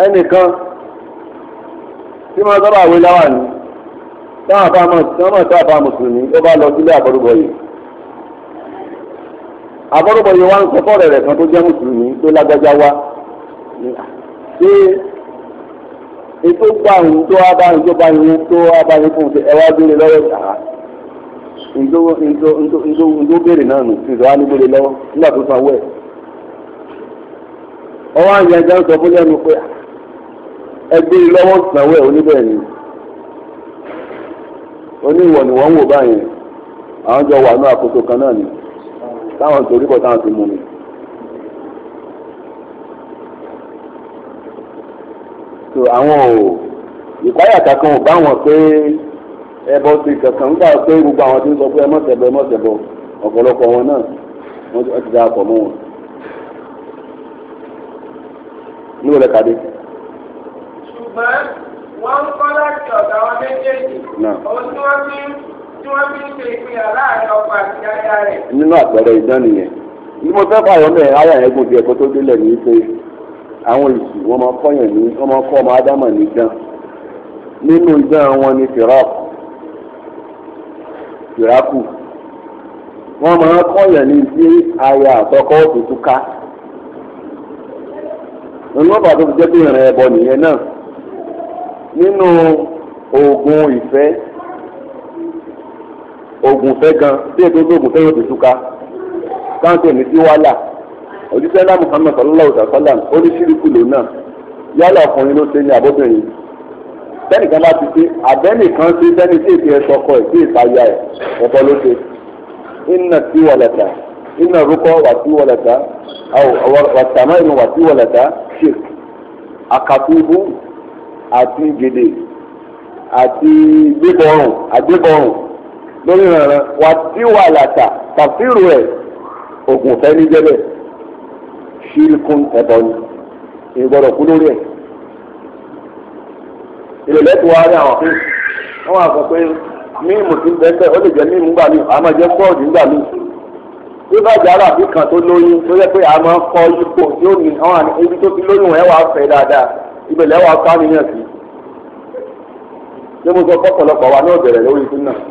ẹnìkan tí wọ́n sábà wé láwà ní táwọn àbámọ̀ tí wọ́n mọ̀ sí àbámọ̀ sùn ní ó bá lọ sílé àbọ̀rúbọ̀ yìí abọ́dọ̀bọ̀ yẹn wá ń sọ́kọ́ rẹ̀ rẹ̀ kan tó jẹ́ mùsùlùmí tó lágbájá wá ṣé ètò gbà ń tó abáyé tó bá yẹn tó abáyé fún un ẹ wá béèrè lọ́wọ́ ìtàrà ǹdó béèrè náà nù ṣùgbọ́n wá ní béèrè lọ́wọ́ nígbà tó sanwó ẹ̀ ọwọ́ àyè ẹja ń sọ fún lẹ́nu pé ẹ béèrè lọ́wọ́ sanwó ẹ̀ oníbẹ̀rẹ̀ ni oníwọ̀ ni wọ́n ń wò báyẹn àwọn jọ wà ní àkóso kan náà nìyí táwọn torí bọ̀ táwọn ti mú mi. so àwọn ò ìpáyàtà kan ò bá wọn pé ẹbọ ti kankan ń gbà pé gbogbo àwọn tí ń sọ pé ẹ mọ̀tẹ̀bọ ẹ mọ̀tẹ̀bọ ọ̀pọ̀lọpọ̀ wọn náà wọ́n ti dáa pọ̀ mọ́ wọn. ní wọlé kàdé. ṣùgbọ́n wọ́n ń kọ́ láti ọ̀dọ̀ àwọn méjèèjì. òun tí wọ́n fi ń tí wọ́n fi ń ṣe ìpínyà láàrin ọkọ àti yáyá rẹ̀. nínú àpẹẹrẹ ìdán nìyẹn ní mo fẹ́ fààyàn mẹ́rin ara yẹn gòkè ẹ̀kọ́ tó délẹ̀ ní pé àwọn èsì wọn máa kọ́yàn ní wọn máa kọ́ ọmọ ádámà ní dán nínú ìdán wọn ni fìràkù fìràkù wọn máa kọ́yàn ní sí aya àtọkọ́ òtútù ká nínú ọ̀bà tó fi jẹ́ pé ìrìn ẹ̀bọ nìyẹn náà nínú oògùn ìfẹ́ oògùn fẹ́ gan bí ètò oògùn fẹ́ yóò ti túká káńtì ní sí wàhálà òjíṣẹ́ ńlá Muhammad sallallahu alaihi wa sallam ó ní ṣíríkù lò náà yálà ọkùnrin ló ṣe ní abóbìnrin sẹ́nìkan bá ti ṣe àbẹ́nìkan ṣe sẹ́ni tí èsì ẹ̀sọ́ ọkọ ẹ̀ sí ìpayà ẹ̀ ẹ̀bọ ló ṣe iná sí wọlẹ̀tà iná rúkọ wà sí wọlẹ̀tà wàtàmọ́ ìnú wà sí wọlẹ̀tà ṣèk àkàtúbù àti gèdè àti gbébọrùn àgbébọrùn lórí ìrànràn wà tí wà làtà tàfírù ẹ̀ ògùn ní jẹ́bẹ̀ ṣírìkún ẹ̀bọ ni ìgbọ́dọ̀ kú lórí ìrẹ̀lẹ̀ tó wá rí àwọn pé wọ́n wà sọ pé mímu ti bẹ́ẹ̀ ó lè jẹ́ mímu gbà mí àmọ́ jẹ́ mí kan tó a máa ń kọ ipò tí ó ní àwọn ibi tó fi lóyún fẹ́ dáadáa ìbẹ̀lẹ̀ sọ fọ́pọ̀lọpọ̀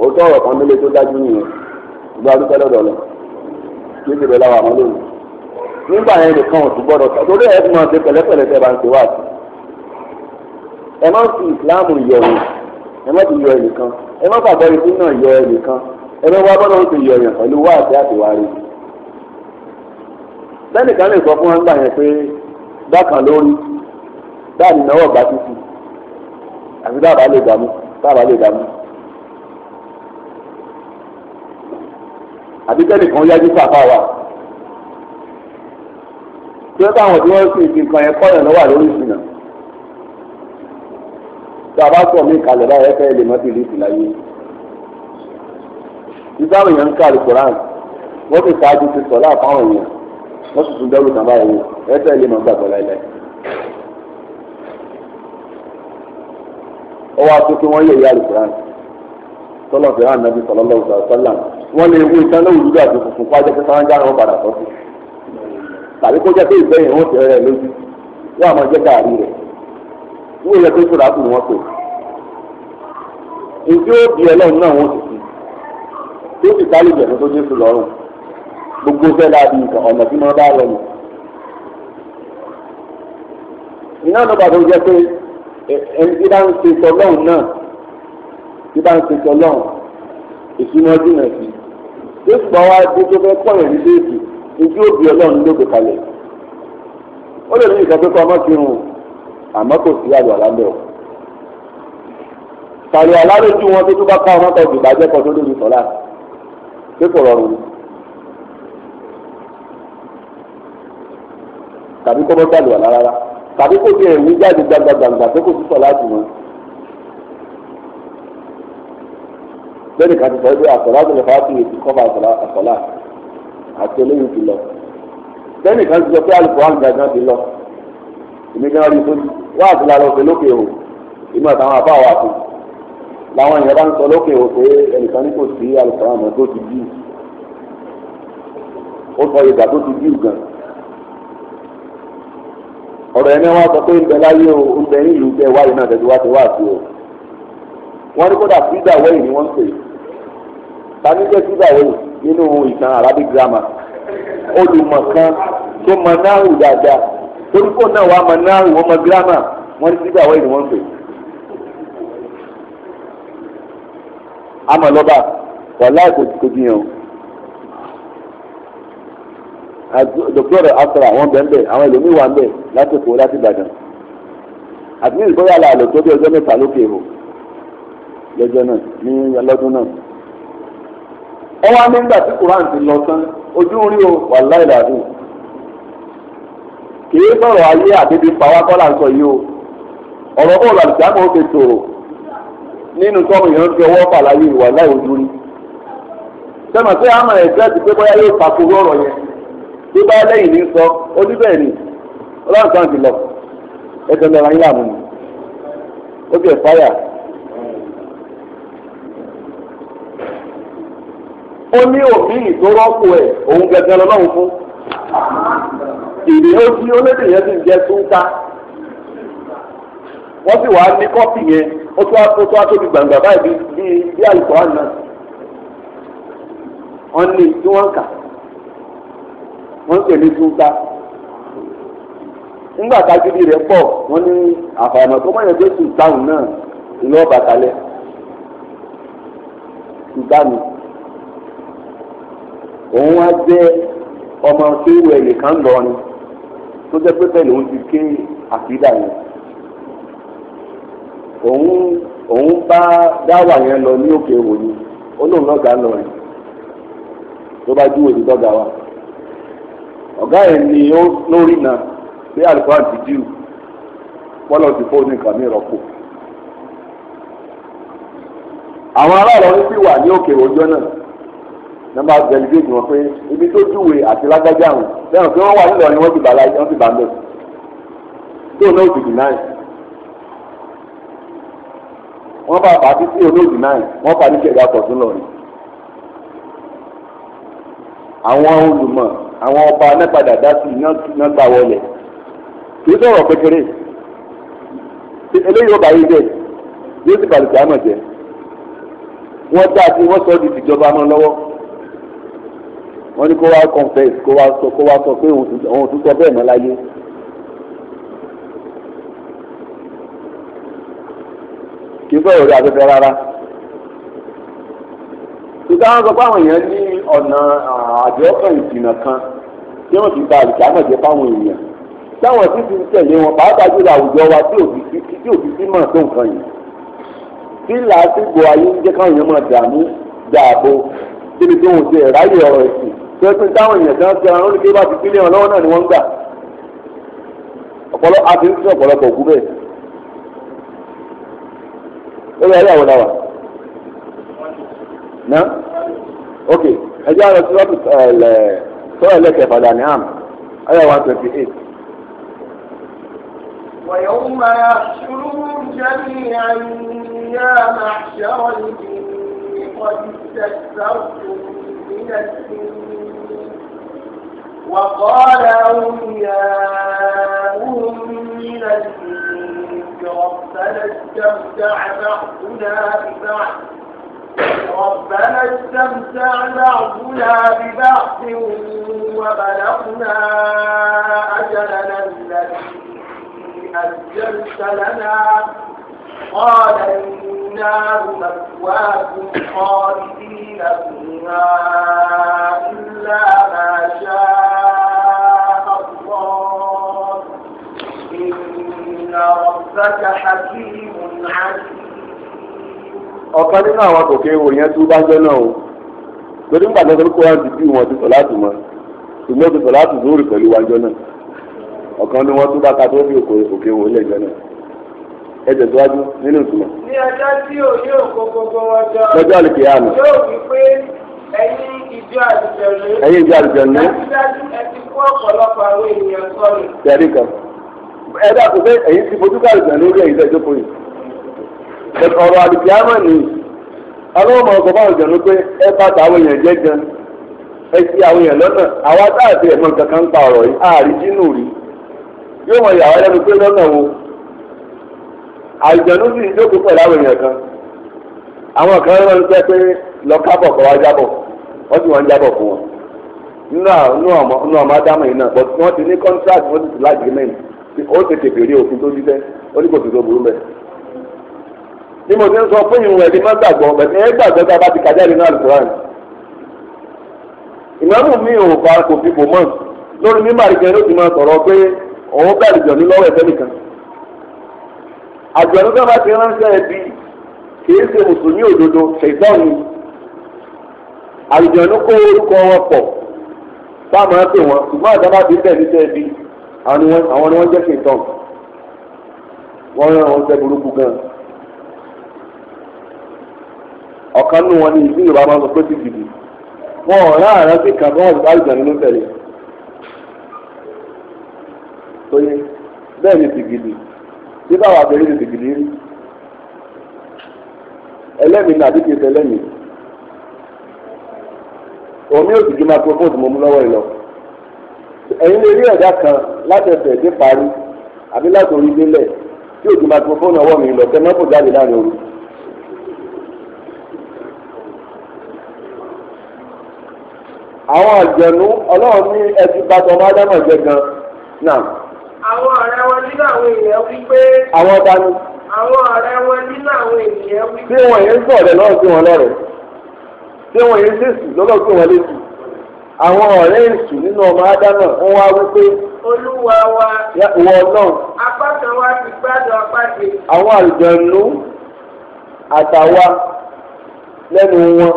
ó tọrọ kan nílé tó dájú nìyẹn gbọ́ adúpẹ́ lọ́dọ̀ lọ kí ó ti bẹ̀ láwọn àwọn lónìí nígbà yẹn nìkan ò tún gbọ́dọ̀ torí ẹ̀ máa ṣe pẹ̀lẹ́pẹ̀lẹ́ tẹ́ bá ń ṣe wá sí ẹ má fi ìsìláàmù yọ ẹ̀ ẹ má fi yọ ẹ̀ nìkan ẹ má bàbá ẹ̀ sínú yọ ẹ̀ nìkan ẹ má wá bọ́dọ̀ ń fi yọ ẹ̀yàn pẹ̀lú wá àti àtiwárí. lẹ́nìkan lè sọ fún wa nígbà yẹn pé dákan lórí dáàbì náwó gbà títì àti dáàbà lè dààmú dáàbà lè dààmú àbíkẹ́ni kan yájú sàfà wa tí ó táwọn tí wọ́n sì fi nǹkan yẹn kọ́ yẹn lọ́wọ́ lórí ìsìnà tí a bá sọ mí kalẹ̀ báyọ̀ ẹ̀fẹ́ lè mọ́ sí ìlú ìsìnà yìí ìsáwọn èèyàn ń ká alukoran wọ́n fi ṣáájú ti sọ̀lá àfáwọn èèyàn wọ́n sì tún dẹ́rù tàn báyìí ẹ̀fẹ́ lè mọ́ gbàgbọ́ láìláì. ọwọ́ aṣọ tí wọ́n yẹ̀ yẹ alukoran tọ́lọ̀ fi hàn nàbí sọlọ́lọ́ ọ̀sán sọ́là wọ́n lè wú iṣẹ́ lóòrùn dúdú àti funfun kó ajẹ́ pé sáńjà wọn padà sọ́ sí tàbí kó jẹ́ pé ìgbẹ́yìn wọn ti rẹ̀ lójú yóò àmọ́ jẹ́ gàárì rẹ̀ wọ́n yẹ pé sódà kù wọ́n pè ìdí òbí ẹlọ́run náà wọ́n ti fi tó sì sáré ìjẹ̀sán tó jésù lọ́rùn gbogbo fẹ́ dàbí nǹkan ọ̀nà tí wọ́n bá lọ nù. iná ló bàbá pé ẹni tí ṣe sọ lọ́run náà tí bá ń ṣe tọ́lọ́run ìsúná jìnà sí tó pọ̀ wá tó tó fẹ́ pọ̀yàn ní déètì ojú òbí ọlọ́run ló gbé kalẹ̀ ó lè ní nǹkan pé kọ́ ọmọ kírun àmọ́ kò sí àlọ́ àlábẹ́ o tàlẹ́ àlálójú wọn tó tó bá ká ọmọ tó gbé bàjẹ́ kan tó lórí sọ́lá pé kò rọrùn tàbí kọ́ bọ́ sàlùwà rárá tàbí kò tiẹ̀ ní jáde gbangba pé kò sí sọ́lá jù wọn. lẹ́nu kan ti sọ pé àtọ̀lá tó lè fà á fi ètò kọ́ bá àtọ̀lá àti olóyún ti lọ lẹ́nu kan ti sọ pé alùpùpù gangan ti lọ èmi gan rí fún wá àti lálọ́ pé lókè o èmi àtàwọn àbá wa fún làwọn èèyàn bá ń sọ lókè o pé ẹnìkan ní kò sí alùpùpù àmọ́ tó ti bí ó sọ ìgbà tó ti bí gan ọ̀rọ̀ ẹni wá sọ pé ń láyé o ń bẹ nílùú bẹ́ẹ̀ wáyé náà tẹ̀síwájú wá sí o wọ́n ní kódà fídà wẹ́yìn ni wọ́n ń pè é tanijẹ́ síbàwò nínú ìtàn arabic grammar olùmọ̀ kan tó mọ náhù dáadáa torí kò náà wàá mọ náhù wọ́n mọ grammar wọ́n ní síbàwò ni wọ́n ń pè. amọ̀lọ́ba wàhálà kò jiyàn o dókítà asra àwọn bẹ̀ ń bẹ̀ àwọn ẹlòmíì wà ń bẹ̀ láti kó láti Ìbàdàn àti ní ìgbóyà la bí ọjọ́ mẹ́ta lókè o lọ́jọ́ náà ní ọlọ́dún náà ó wá nígbà tí Quran ti tán ojú ń o wà làdùn kìí sọ̀rọ̀ ayé àbíbi pàwákọ́là sọ yìí o ọ̀rọ̀ bọ́ọ̀lù àlùjáàmù ó ti nínú tọ́mù yẹn ọwọ́ fà láyé ìwà láì ojú rí sẹ́mọ̀ àmọ̀ ẹ̀jẹ̀ pé bóyá yóò ọ̀rọ̀ yẹn bí bá sọ ó ní ó ní òbí ìdórọ́pò ẹ̀ òun gẹ́gẹ́ lọ́wọ́ fún. ìdí ó sí yẹn ti ń jẹ wọ́n sì wáá ní kọ́pì yẹn ó tó wá tóbi gbàǹgbà báyìí bí bí àlùkò àná. wọ́n ní tí wọ́n kà wọ́n ń ní túńká. nígbà tágídí rẹ̀ pọ̀ wọ́n ní àfààmọ̀ tó mọ̀yẹ́ tó sùn táwọn náà ìlú ọ̀bàkalẹ̀ òun wá jẹ́ ọmọ tó wẹ̀ nìkan lọ ni tó jẹ́ pé bẹ́ẹ̀ lòun ti ké àkídà yẹn òun òun bá dáwà yẹn lọ ní òkè èwò ni olóhùn lọ́gà lọ rẹ̀ tó bá júwèé ní dọ́gà wa ọ̀gá yẹn ni ó lórí náà pé àlùfáà ti jù bọ́lá ti fóònù nọ́mbà dẹlifíìtì wọn pé ibi tó júwe àti lágbájá àwọn lẹ́yìn pé wọ́n wà nílọrin wọ́n ti bàlá wọ́n ti bà ń bẹ̀ tó náà òdìdì náà wọ́n bá pàtí sí olóòdì náà wọ́n pàdé ṣẹ̀dá pọ̀ tún lọ́rin àwọn olùmọ̀ àwọn ọba anápadà dá sí iná gbà wọlé kìí sọ̀rọ̀ kékeré eléyìí ọba yìí jẹ yóò ti bàlùkì àmọ̀ jẹ wọ́n dá sí wọ́n sọ ọ́ di ìjọba mọ́ lọ́wọ́ wọ́n ní kó wá confess kó wá sọ kó wá sọ pé òun tún sọ bẹ́ẹ̀ mọ́ láyé. kì í sọ̀rọ̀ rí afẹ́fẹ́ rárá. ìta wọn sọ pé àwọn èèyàn ní ọ̀nà àjọkàn ìdìnnà kan tí wọ́n ti gba àlùkà náà jẹ́ fáwọn èèyàn táwọn sì ti ń tẹ̀lé wọn pàápàá jùlọ àwùjọ wa tí òbí sí mọ̀ tó nǹkan yìí tí làásìgbò ayé ń jẹ́ káwọn èèyàn máa dààmú dààbò débi tí wọn ò ti ẹ̀ ọ̀rọ̀ ẹ̀sìn tó ẹgbẹ́ táwọn èèyàn kan ṣe àwọn oníkébà ti pínlẹ̀ ọlọ́wọ́ náà ni wọ́n ń gbà ọ̀pọ̀lọpọ̀ àti ní ọ̀pọ̀lọpọ̀ òkú bẹ́ẹ̀ lórí ayé àwọn làwà ná ok ẹjẹ́ àrẹ sọ́ọ̀tù sọ́ọ̀ ẹlẹ́kẹ̀ẹ́fà dàní àm ayé one twenty eight. ويوم يحشرهم جميعا يا معشر الجن قد استكثرتم من الجن وقال أولياؤهم من الإنس ربنا استمتع بعضنا ببعض ربنا استمتع بعضنا ببعض وبلغنا أجلنا الذي أجلت لنا قال إن النار مثواكم خالدين فيها إلا ما شاء الله إن ربك حكيم عليم ọ̀kan nínú àwọn tòkè ìròyìn tó bá jẹ́ náà o torí nígbà tó kó wọn bí wọn ti sọ láti mọ ṣùgbọ́n ti sọ láti lórí pẹ̀lú wájọ́ náà ọ̀kan ni wọ́n tún bá ka tó fi òkè òwò lẹ́jọ́ náà. ẹ̀jẹ̀ síwájú nínú ìtumọ̀. ní ọjọ́ tí ò yóò kó gbogbo wọn lọ́jọ́ àlùkè àná. yóò wí pé ẹ̀yin ìjọ àlùjẹ̀lú. ẹ̀yin ìjọ àlùjẹ̀lú. ẹ ti kó ọ̀pọ̀lọpọ̀ àwọn ènìyàn sọnù. yẹ̀rí kan ẹ dàpọ̀ pé ti fojú lórí ẹ̀yin tẹ̀ jókòó yìí. ọ̀rọ̀ àlùkè ni ọlọ́mọ ọkọ̀ bá pé ẹ àìjọ̀nú sì ń jókòó pẹ̀lú àwọn èèyàn kan àwọn kan rán ṣẹ́ pé lọ kábọ̀ kọ́ wá jábọ̀ wọ́n sì wọ́n ń jábọ̀ fún wọn nínú ọmọ ádámù yìí náà bọ̀ tí wọ́n ti ní contract wọ́n ti ti láti agreement ó tètè béèrè òfin tó dídẹ́ ó ní kò tó tó burú bẹ́ẹ̀. bí mo ti ń sọ fún ìhun ẹ̀dí má gbàgbọ́ bẹ̀tẹ̀ ẹ gbàgbọ́ tá a bá ti kájà nínú àlùkùránì. ìmọ̀mù mi ò fa kò fi bò mọ́ lórí mímọ̀ àríkẹ́ ló ti máa sọ̀rọ̀ pé òun bẹ̀rẹ̀ jọ̀ ní lọ́wọ́ ẹ̀fẹ́ nìkan àjọ̀dún tó bá ti ránṣẹ́ ẹbí kìí ṣe mùsùlùmí òdodo ṣètọ́ni àjọ̀dún kó orúkọ wọn pọ̀ sáàmù ẹ̀ pé wọn ṣùgbọ́n àjọba ti bẹ̀ níṣẹ́ ẹbí àwọn ni wọ́n jẹ́ ṣètọ́n wọ́n rán wọn ṣẹ́ burúkú gan. ọ̀kan nínú wọn ni ìlú Yorùbá máa ń sọ pé ti dìbò wọn ò rán àrán sí kàbá àjọ̀dún ló tẹ̀lé bẹ́ẹ̀ ni ti gidi ṣé báwa abẹ́rẹ́ lè dìgìdì rí ẹlẹ́mìí náà àdìgbò ìfẹ́ lẹ́mìí òun yóò dìgì máa propose mọ́ mú lọ́wọ́ ìlọ ẹ̀yin lè rí ẹ̀dá kan látẹ̀sẹ̀ dé parí àbí látòrí délẹ̀ tí òjò microphone ọwọ́ mi lọ tẹ́lẹ̀ kò jáde láàrin òru. àwọn àjẹnú ọlọ́run ní ẹtì bàtọ̀ ọmọ ádámọ̀ jẹ gan náà àwọn ọ̀rẹ́ wọn nínú àwọn èèyàn wí pé. àwọn ọba ni. àwọn ọ̀rẹ́ wọn nínú àwọn èèyàn wí pé. tí wọ́n yẹn ń sọ̀rọ̀ náà sí wọn lọ́rẹ̀ tí wọ́n yẹn ń sèṣù lọ́lọ́ sí wọn lẹ́sù àwọn ọ̀rẹ́ èṣù nínú ọmọ ádámà wọ́n wá wí pé. olúwa wa. wọ náà. apá kan wá ti gbádùn apá kejì. àwọn àlùjànnú àtàwa lẹ́nu wọn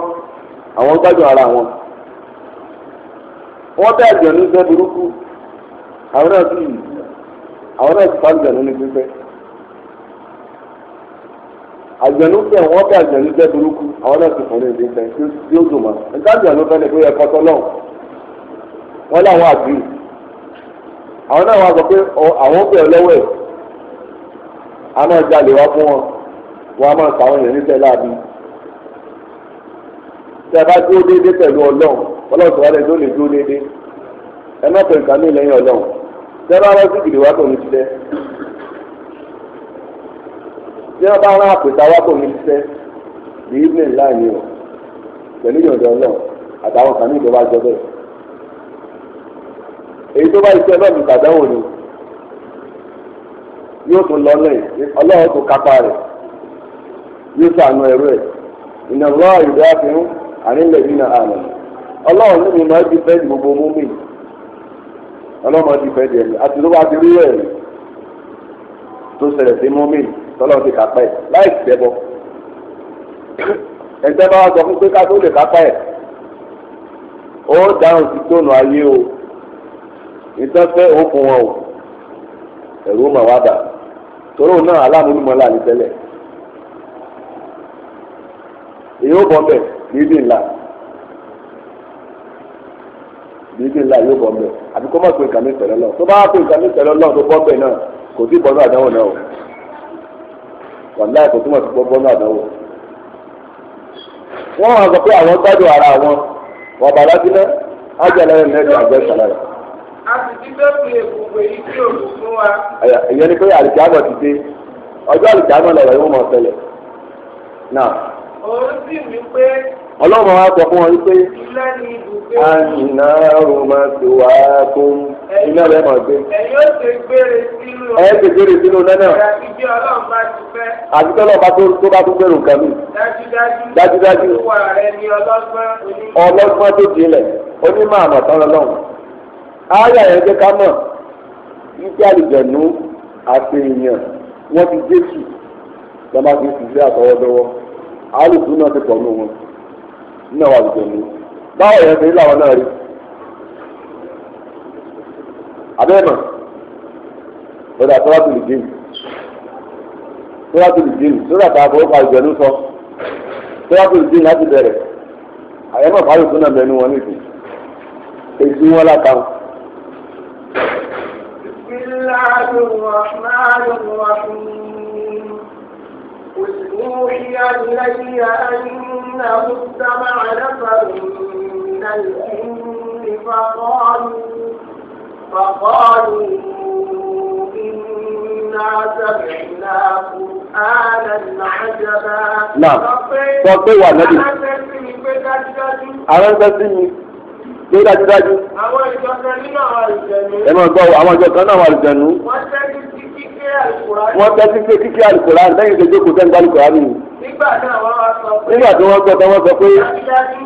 àwọn gbádùn ara wọn wọ́n bẹ àjọ ní burúkú àwọn náà sì àwọn náà ti fáwọn ìjànú ní pípẹ́ àjẹnú fẹ wọn fẹ àjẹnú jẹ burúkú àwọn náà ti fún ní ìdíje tí ó dùn mọ́ nígbà àjẹnú fẹ ni pé ẹ kọtọ náà wọn làwọn àbí àwọn náà wà sọ pé àwọn fẹ lọ́wọ́ a máa jalè wá fún wọn wọn a máa pa àwọn èèyàn níṣẹ́ láàbí tí a bá dúró déédéé pẹ̀lú Ọlọ́run Ọlọ́run tó wà lẹ́yìn tó lè dúró déédéé ẹ má pè nǹkan ní ìlẹ́yìn Ọlọ́run. tẹ́lá lọ sí ìdìbò ní tí wọ́n bá rán ní line o pẹ̀lú ìyọ̀dọ̀ náà àtàwọn kan ní ìjọba jọ èyí tó bá iṣẹ́ náà ní ìgbàdánwò ni yóò tún lọ náà ọlọ́run tún kápá rẹ̀ yóò ìnáwó àyùdá àrílẹ̀ yìí náà àná gbogbo mú ọlọ́mọ ti fẹ́ di ẹ̀mí àti tó bá ti rí ẹ̀mí tó ṣẹlẹ̀ sí mọ́mí tọ́lọ́ ti kápá ẹ̀ láì tẹ́bọ̀ ẹ̀ńtẹ́ bá wá sọ fún pé ká tó lè kápá ó dáhùn sí tóònù ayé o ìtọ́fẹ́ òkun wọn o ẹ̀rú mà wá bà toró náà aláàmúlùmọ́lá ní tẹ́lẹ̀ èyí ó bọ́ bẹ̀ níbi ńlá. bíbí ńlá yóò bọ̀ mbẹ̀ àbí kó má pe nǹkan mi pẹ̀lú ọlọ́run tó bá pe nǹkan mi pẹ̀lú tó bọ́ náà kò sí bọ́nú àdánwò náà o kò sí bọ́nú àdánwò. wọ́n wá sọ pé àwọn gbádùn ara wọn wọ́n bàbá sílẹ̀ ájá lẹ́yìn lẹ́yìn àgbẹ̀ rẹ̀. a òkú fún wa. ìyẹn ni pé ọlọ́run wa sọ fún wọn wípé àyìnà ọmọ tó wà á kó iná rẹ̀ mọ̀ gbé. ẹ ṣe gbére sínú nánà. àti tí ọlọ́run bá tó bá tó gbèrò nǹkan mi. dájúdájú ọlọ́gbọ́n tó jinlẹ̀ onímọ̀ àmọ̀tán ọlọ́run. ayé àyẹ̀ jẹ́ ká mọ̀ wípé àlùjẹ̀nú àti èèyàn wọ́n ti jésù lọ́ba fi ṣiṣẹ́ àtọwọ́dọ́wọ́ àlùkù náà ti pọ̀ nù wọn. na àwọn àlùjọ ní báwo yẹn fi láwọn náà rí abẹ́ẹ̀mọ̀ lọ́dà sọ́dọ̀tì lè jẹ́yìn sọ́dọ̀tì lè jẹ́yìn sọ́dọ̀ tá a fọwọ́ sọ sọ́dọ̀tì lè jẹ́yìn láti bẹ̀rẹ̀ àyẹ̀mọ̀ tó mẹ́nu wọn nìkan قل أوحي إلي أنه استمع نفر من الجن فقالوا فقالوا إنا سمعنا قرآنا عجبا نعم وقل ونبي dájúdájú. àwọn ìjọ kan nínú àwọn àlùjẹ̀nu. ẹ máa gbọ́ àwọn ìjọ kan náà àwọn àlùjẹ̀nu. wọ́n tẹ́jú wọ́n tẹ́tí sí kíkí alukóra lẹ́yìn ìdẹ́jọ́ kò sẹ́ńtà alukóra nìyí. nígbà tí wọ́n sọ pé wọ́n sọ pé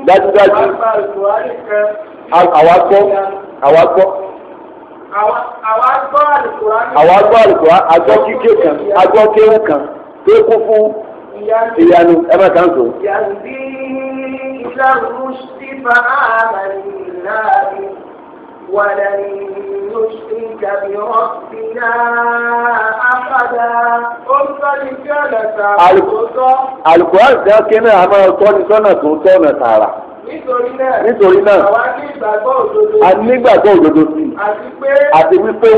dájúdájú àwa gbọ́ àwa gbọ́. àwa gbọ́ alukóra agbọ́ kíké kan agbọ́ kéwù kan tó kún fún ìyanu ẹ má kàn so. yàtí ìlànà ṣì bá àmàlì náà rí. ولن يشرك بربنا أحدا Àlùkùránì tí a ké náà a máa tọ́ ní sọ́nà tó tọ́ ọ̀nà tààrà. Nítorí náà, a nígbàgbọ́ òdodo sí i. Àti wípé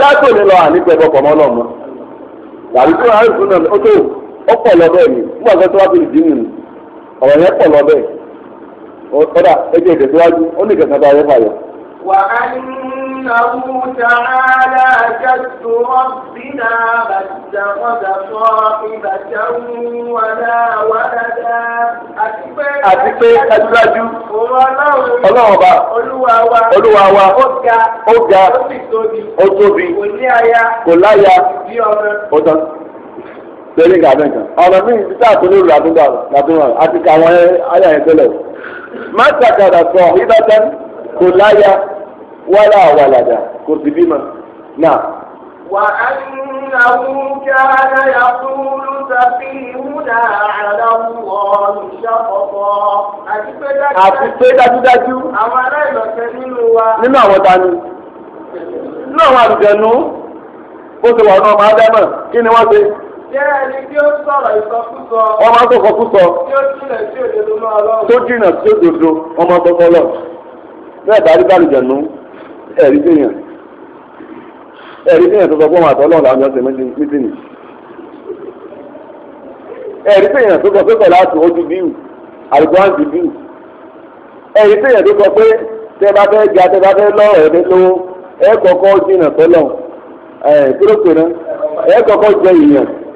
látòlè lọ àní pẹ̀lú ọkọ̀ mọ́ lọ́mọ. Àlùkò àrùn náà ó tó ó pọ̀ lọ bẹ́ẹ̀ Nígbà tó wá tó lè dín nìyí. Ọ̀rọ̀ yẹn pọ̀ lọ bẹ́ẹ̀ kódà ẹjẹ ìtẹ̀síwájú ó ní kẹsàn-án bá yẹ fàyọ. wà á nínú tààlà jẹ́tù ọ̀bìnà bàtàkọ́dà sọ ìbàjẹ́wù àti pé àti pé ẹdúrájú ọlọ́run ọba olúwa wa ó ga ó tóbi kò ní aya kò láya ọ̀tàn lórí ìgbà bẹ́ẹ̀ kan ọ̀rọ̀ mi ti tá àtúndì làdúgbà làdúgbà àti káwọn ayé àyè tẹ́lẹ̀ o. má takàdà sọ ìbátan kò láya wàlà àwàlàdà kò sì bímọ náà. wà á nàwó kára yàtúrú sàfihùnà àdàwọ̀ ìṣàkọ̀kọ̀ àti pé dájúdájú. àti pé dájúdájú. àwọn aláìlọ́sẹ̀ nínú wa. nínú àwọn tani. nínú àwọn àlùjẹ̀nu bó ti wà náà máa dámọ̀ kí ni wọ́n ṣe jẹ́ ẹni tí ó sọ̀rọ̀ ìsọkúsọ. ọmọ akọkọkúsọ. tí ó jìnà sí òdodo náà lọ. tó jìnà sí òdodo ọmọ akọkọ lọ. bẹ́ẹ̀ bá rí bàlùjẹ nù ẹ̀rí sèyàn ẹ̀rí sèyàn tó sọ fún àwọn àtọ́lọ́ làwọn ọ̀sẹ̀ mítìnì. ẹ̀rí sèyàn tó sọ pé kọ̀ láti ojú bíù àlùkò àǹtí bíù. ẹ̀rí sèyàn tó sọ pé tẹ́ bá fẹ́ ga tẹ́ bá fẹ́ lọ́rọ̀ ẹ̀ lọ́wọ́ ẹ̀ kọ̀ọ̀kọ̀ jìnà tọ́lọ̀ ẹ̀ kúrò pé náà ẹ̀ kọ̀ọ̀kọ̀ jẹ ìyàn.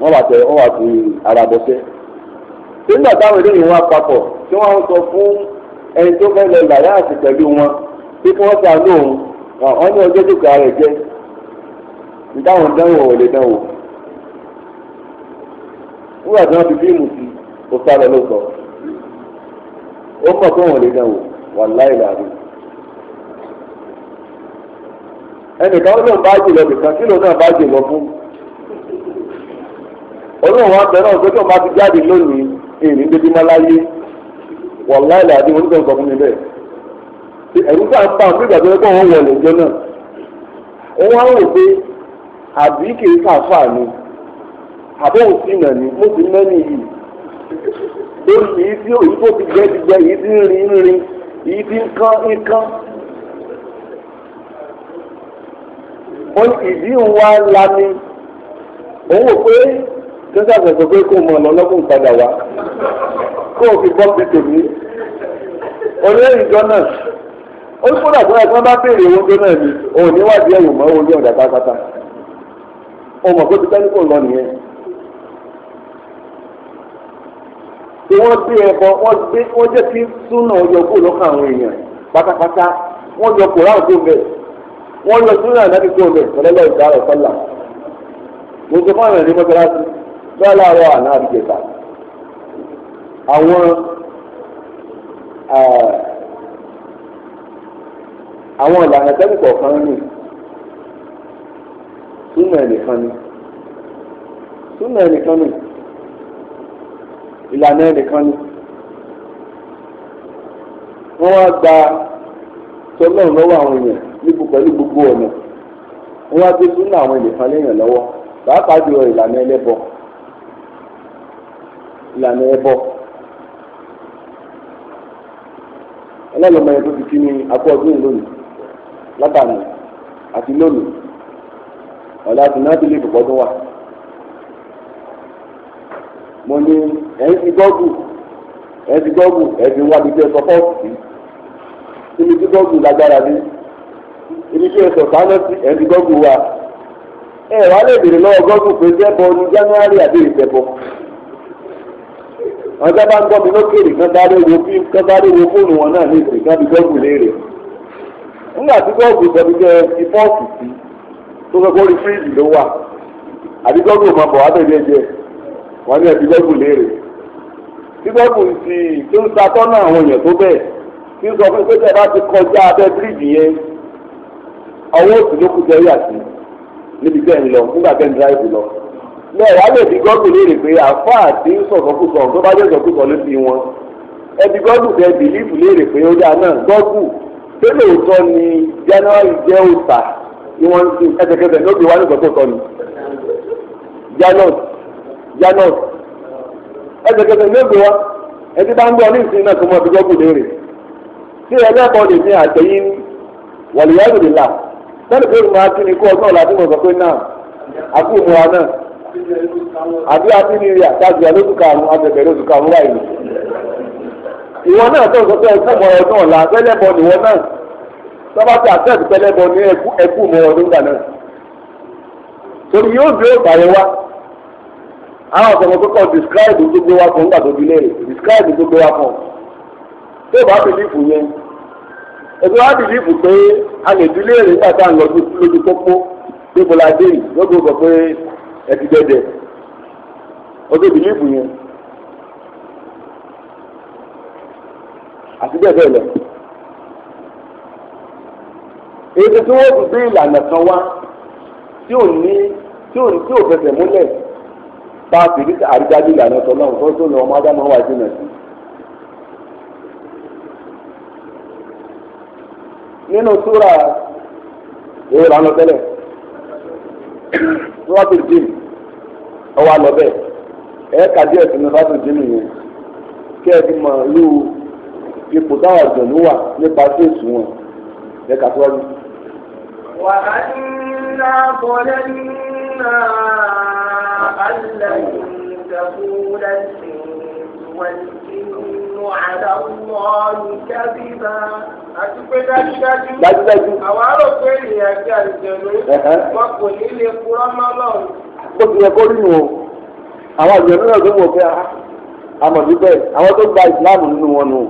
wọ́n wà tẹ wọ́n wà fi ara bọ́sẹ́. nígbà táwọn eléyìí wá papọ̀ tí wọ́n sọ fún ẹni tó fẹ́ lọ làyà àti pẹ̀lú wọn bí kí wọ́n ta lóhùn wọ́n ní ọjọ́ dùkọ̀ rẹ̀ jẹ́ ìdáhùn dánwò ò lè dánwò. nígbà tí wọ́n fi fíìmù sí kò sá lọ lóòótọ́ ó mọ̀ pé òun lè dánwò wà láìláàrin. ẹnìkan ló ń bá jùlọ nìkan kí ló náà bá jùlọ fún olóhùn wa bẹ̀rẹ̀ ọ̀sẹ̀ tí o máa ti jáde lónìí èyí débi máa láyé wàláì làdí wọn nígbà sọ fún mi bẹ́ẹ̀ ẹ̀rú tá a ń pa àwọn ìgbà tó yẹ kó wọ́n wọlé ìjọ náà wọ́n wá rò pé àbí kì í kàfà ni àbọ̀ òsì nà ni mo sì mẹ́ni yìí lórí èyí tí èyí tó ti gbẹ ti gbẹ èyí tí ń rin ń rin èyí tí ń kán ń kán. wọ́n ìdí ń wá lani òun wò pé tó sàgbẹ̀sọ pé kó mọ ọlọ́gùn padà wá kó o fi bọ́ pé tèmi olóyè ìjọ náà ó kúrò àbúrò àti wọn bá béèrè owó tó náà ni òun níwádìí ẹ̀wò mọ́ owó yọ̀ǹda pátápátá ọmọ tó ti tẹ́lifò lọ nìyẹn. tí wọ́n gbé ẹbọ wọ́n gbé wọ́n jẹ́ kí súnà ọyọ kó lọ́kàn àwọn èèyàn pátápátá wọ́n yọ kóra òkú bẹ́ẹ̀ wọ́n yọ súnà náà kí kó bẹ́ẹ̀ pẹ̀lẹ́lẹ́ ìdárò sọ́là gbogbo fáwọn ẹ̀ ní mọ́tàlásì lọ́làwọ̀ àná àtìkẹta àwọn àwọn ìlànà tẹ́lẹ̀ kọ̀ọ̀kan ní súnà ẹnìkan ni ẹnìkan ni ìlànà ẹnìkan ni wọ́n wá gba tọ́lọ́run lọ́wọ́ àwọn èèyàn níbu pẹ̀lú gbogbo ọ̀nà wọ́n wá gbé àwọn la ẹbọ ọlọ́lọ́mọ ẹbí ti kí ni akọ lónìí látàmì àti lónìí ọ̀la tìǹbù lè wa mo ní ẹ̀yìn gọ́ọ̀gù ẹ̀yìn gọ́ọ̀gù ẹ̀yìn wá bíi ẹ̀sọ́ fọ́ọ̀sì sí ibi tí gọ́ọ̀gù lágbára ibi tí gọ́ọ̀gù wa ẹ̀ wá lè béèrè lọ́wọ́ gọ́ọ̀gù pé jẹ́bọ ní January ọjọ́ bá ń gbọ́ mi lókèrè kan sáré wo fí kan sáré wo fóònù wọn náà ní ìsìn kan fi gọ́ọ̀gù léèrè nígbà tí gọ́ọ̀gù sọ fi jẹ́ ti fọ́ọ̀sì sí tó sọ pé orí fíríjì ló wà àbí gọ́ọ̀gù máa bọ̀ wá bẹ̀rẹ̀ jẹ wọn ní ẹ̀fi gọ́ọ̀gù léèrè tí gọ́ọ̀gù ti tó ń satọ́nà àwọn èèyàn tó bẹ́ẹ̀ tí ń sọ fún pé tẹ̀ bá ti kọjá abẹ́ fíríjì yẹn ọwọ́ òsì ló kú jẹ́rí àti níbi bẹ́ẹ̀ ń lọ nígbà bẹ́ẹ̀ ń dráìbù lọ lẹ́yìn alẹ́ bí gọ́ọ̀gù léèrè pé àfáà tí ń sọ̀rọ̀ tó bá jẹ́ sọ̀kúsọ̀ ló fi wọn ẹbí gọ́ọ̀gù tẹ bìlífù léèrè pé ó dáa náà lóòótọ́ ni january jẹ́ òòtà ìwọ̀n ẹsẹ̀kẹsẹ̀ ló gbé wá nígbà tó sọ janus janus ẹsẹ̀kẹsẹ̀ ló gbé wá ẹtí bá ń gbọ́ ní ìsinmi náà tó ẹbí léèrè àbí abínirì àtàjù alódùkà àwọn abẹ̀bẹ̀ lódùkà àwọn wáyé ìwọ náà tó ń sọ pé ẹkú mọ ọdún ọ̀la fẹ́lẹ́bọ nìwọ náà tọ́ba tí àtẹ́ẹ̀tì fẹ́lẹ́bọ ní ẹkú mọ ọdún gbà náà torí yóò dé ìbàyẹ̀ wa àwọn ọ̀sọ̀rọ̀ tó kọ́ describe tó gbé wa kan nígbà tó dilé rẹ̀ describe tó gbé wa kan tó bá bìlífù yẹn ẹgbẹ́ wa bìlífù pé a lè dilé rẹ̀ nígbà tá à ń lọ lójú pópó gbégbó la dé yìí lójú sọ pé ẹtìjọ́ dẹ̀ ọdún bìlíìfù yẹn àti bẹ́ẹ̀ bẹ́ẹ̀ lọ. èyí tí wọ́n ti ìlànà kan wá tí ò ní tí ò tí ò fẹsẹ̀ múlẹ̀ bá a fìdí àrídájú ìlànà tó náà tó tó ní ọmọ ádámù wà jìnnà nínú súra sọ́wọ́tò jim ọwọ́ àlọ́ bẹ́ẹ̀ ẹ̀ ká díẹ̀ sí ní sọ́wọ́tò jim yẹn kí ẹ ti mọ irú ipò táwọn àjọ̀nú wà nípa sí èsù wọn ẹ̀ ká tọ́jú. wà á ná bọ́lá nínú àlàyé ìdàkúrẹ́sì wọ́n ti ń. على الله كذبا àti pé dájúdájú àwọn arọ́pẹ́ ènìyàn àti àlùjẹ̀lú wọn kò ní lè purọ́ mọ́ lọ́rùn. ó ti yẹ kó rí wọn àwọn àlùjẹ̀lú náà tó wọ̀ pé àmọ̀dé ah, bẹ́ẹ̀ àwọn tó gba ìsìláàmù nínú wọn nù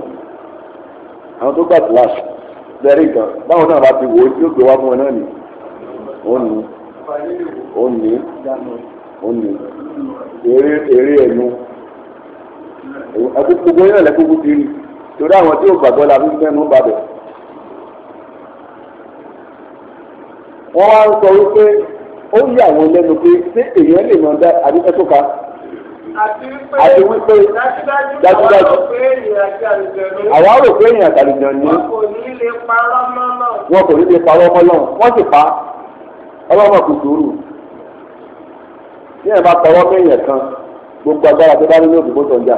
àwọn tó gba ìsìláàmù bẹ́ẹ̀ rí nǹkan báwọn náà bá ti wò ó tí ó gbé wá fún wọn náà nì ó nì ó nì ó nì èrè ẹ̀nu ẹkú gbogbo yẹn lẹkú kú ti rí torí àwọn tí yóò gbàgbọ́ la fi fẹ́nu bàbẹ̀. wọ́n wá ń sọ wípé ó yà wọ́n lẹ́nu pé ṣé èèyàn lè mọ̀ dá àdúgbò tó ka àti wípé dájúdájú àwa rò pé èèyàn àtàlùjọ ni wọn kò ní lè parọ́ mọ́ lọ́wọ́ wọ́n sì pa ọlọ́mọ kò sùúrù bí èèyàn bá parọ́ mọ́ èèyàn kan gbogbo agbára tó bá ní ní òdìbò tó ń jà.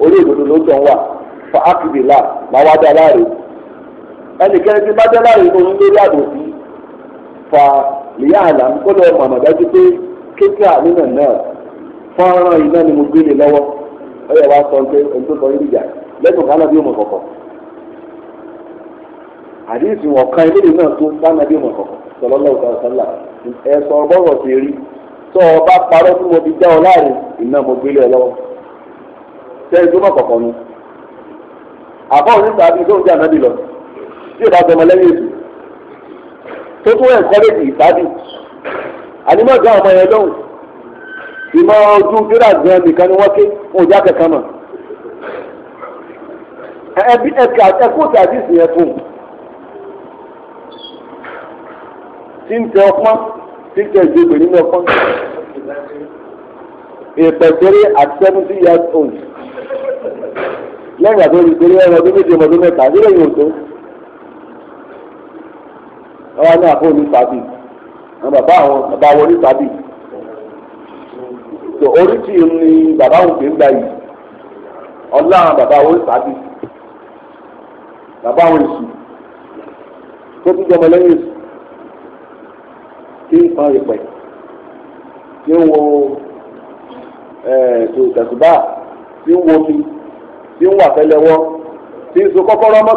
orí òdodo ló tàn wà fa akidila máa wá dá láre ẹnìkẹ́ni tí bá dá láre oyún lórí àdòsí fa lìyá àlàm kó lọ mọ̀ àmọ̀dájú pé kékeré àmínà náà fọ́nrán iná ni mo gbé lé lọ́wọ́ ó yẹ wá sọ pé ohun tó sọ yín ìjà lẹ́sùn kan náà bí òmò kọ̀kọ̀ àdéhùn ọ̀kan ìlédè náà tó sáà bí òmò kọ̀kọ̀ sọlọ́lọ́ ọ̀sánlá ẹ̀sọ̀ ọgbọ́rọ̀ ti rí tó o parọ́ fún mo fi já ọ láàrin iná mo gbé lé lọ́wọ́ sẹ́yìn tó mọ̀ kọ̀ọ̀kan ni àbá òní sàbí tó ń jẹ́ ànábì lọ tí ò bá gbọmọ lẹ́yìn èsì tó tún ẹ̀ńkọ́rẹ́jì ìsábì ànímọ̀ ìgbà ọmọ yẹn lóhùn ìmọ̀ ojú júdà gan nìkan ni wọ́n ké wọn ò já kẹ̀kẹ́ mọ̀ ẹbí ẹ̀ka ẹ̀kú ti àdìsí yẹn fún un tí ń tẹ ọpọ́n tí ń tẹ ìdíje nínú ọpọ́n ìpẹ̀tẹ́rẹ́ at seventy years old. lẹ́yìn àti olùkórè ẹ̀rọ ọdún méje ọdún mẹ́ta nílẹ̀ yóò tó ọwọ́ ní àwọn bàbá àwọn bàbá tó oríṣi ni bàbá òun kì í gbà yìí ọlá bàbá wọn onítàbí bàbá àwọn èṣù tó tún jọmọ lẹ́yìn èṣù kí n fa ìpẹ́ kí n wo tẹ̀sùbá tí ń wà fẹ́lẹ́wọ́ tí ń so kọ́kọ́rọ́ mọ́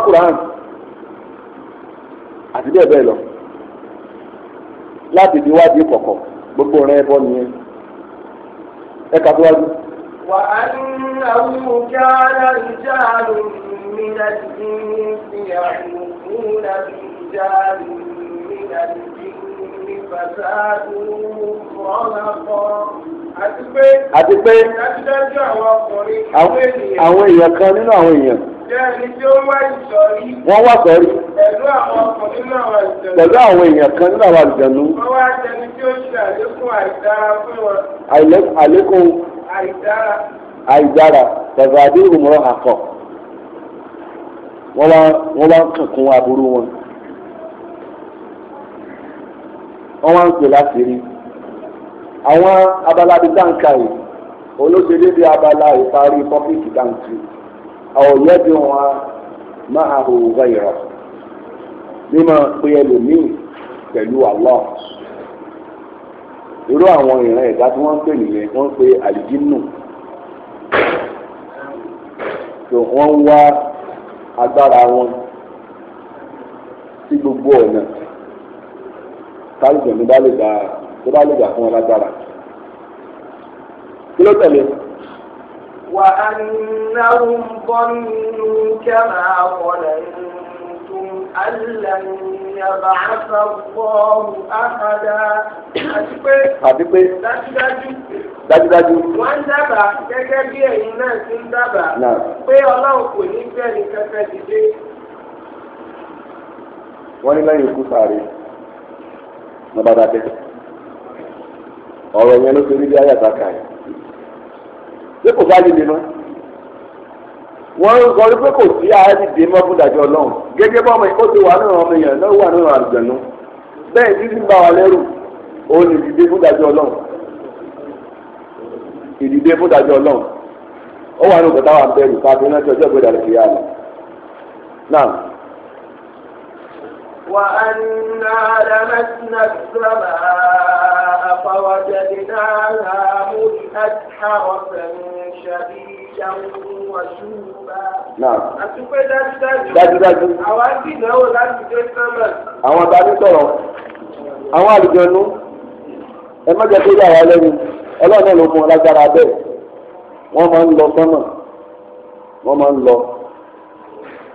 àti bẹ́ẹ̀ bẹ́ẹ̀ lọ láti fi wádìí kọ̀kọ̀ gbogbo rẹ̀ bọ́ nìyẹn ẹ kà tó wájú. wà á ní àwọn ọjà ìjà mi láti ní ìyàwó fún ìjà mi láti. àti pé àwọn èèyàn kan nínú àwọn èèyàn wọ́n wà sọ́rí pẹ̀lú àwọn èèyàn kan nínú àwọn àlùjànnú àlékún àìdára pẹ̀lú àdéhùn mọ́ àkọ́ wọ́n wá ń kankun aburú wọn. wọ́n wá ń pè láti rí àwọn abala bíi dáǹkà yìí olóṣèlú bíi abala ìparí pọ́kìtì dáǹtì ọ̀yẹ́ bí wọn máa hò wẹ̀yọ̀ mímọ pé ẹlòmíì pẹ̀lú àlọ́ irú àwọn ìran ẹ̀dá tí wọ́n ń pè nìyẹn wọ́n ń pe àlìjínù tó wọ́n ń wá agbára wọn sí gbogbo ọ̀nà káàlùjọ ní bá lè gbà tó bá lè gbà fún wọn lágbára. kí ló tẹ̀lé. wà á ná òun bọ́ nínú kẹ́mà ọ̀rẹ́ Àlàyé yàrá àtàwọ̀ àkàdá àti Àti pé. Dájúdájú dájúdájú. dábàá gẹ́gẹ́ bí ẹ̀yin náà ti ń dábàá. pé ọlọ́run kò ní bẹ́ẹ̀ ni kẹ́kẹ́ dìde. wọ́n ní lẹ́yìn ikú sáré ní bá dákẹ́ ọ̀rọ̀ yẹn ló ṣe rí bí ayàtà kà yẹn ṣé kò sáà dìde mọ́ wọ́n ń sọ wípé kò sí ayé dìde mọ́ fún ìdájọ́ ọlọ́run gẹ́gẹ́ bá ọmọ ó ti wà nínú ọmọ èèyàn náà wà nínú àlùjànnú bẹ́ẹ̀ títí ń bá wa lẹ́rù òun ní ìdìde fún ìdájọ́ ọlọ́run ìdìde fún ìdájọ́ ọlọ́run ó wà nínú kọ̀tà wà bẹ́ẹ̀ nípa fi náà tí ọjọ́ ìgbéra rẹ̀ yá lọ náà. وأنا لمسنا السماء فوجدناها ملئت حرسا شديدا وشوبا نعم أتوقع dájúdájú àwọn àti ìnáwó láti dé sọ́mọ̀. àwọn tani sọ̀rọ̀ àwọn àlùjọ̀nú ẹ má jẹ́ pé yàrá lẹ́nu ọlọ́run náà ló fún ọ lágbára bẹ́ẹ̀ wọ́n máa ń lọ sọ́mọ̀ wọ́n máa ń lọ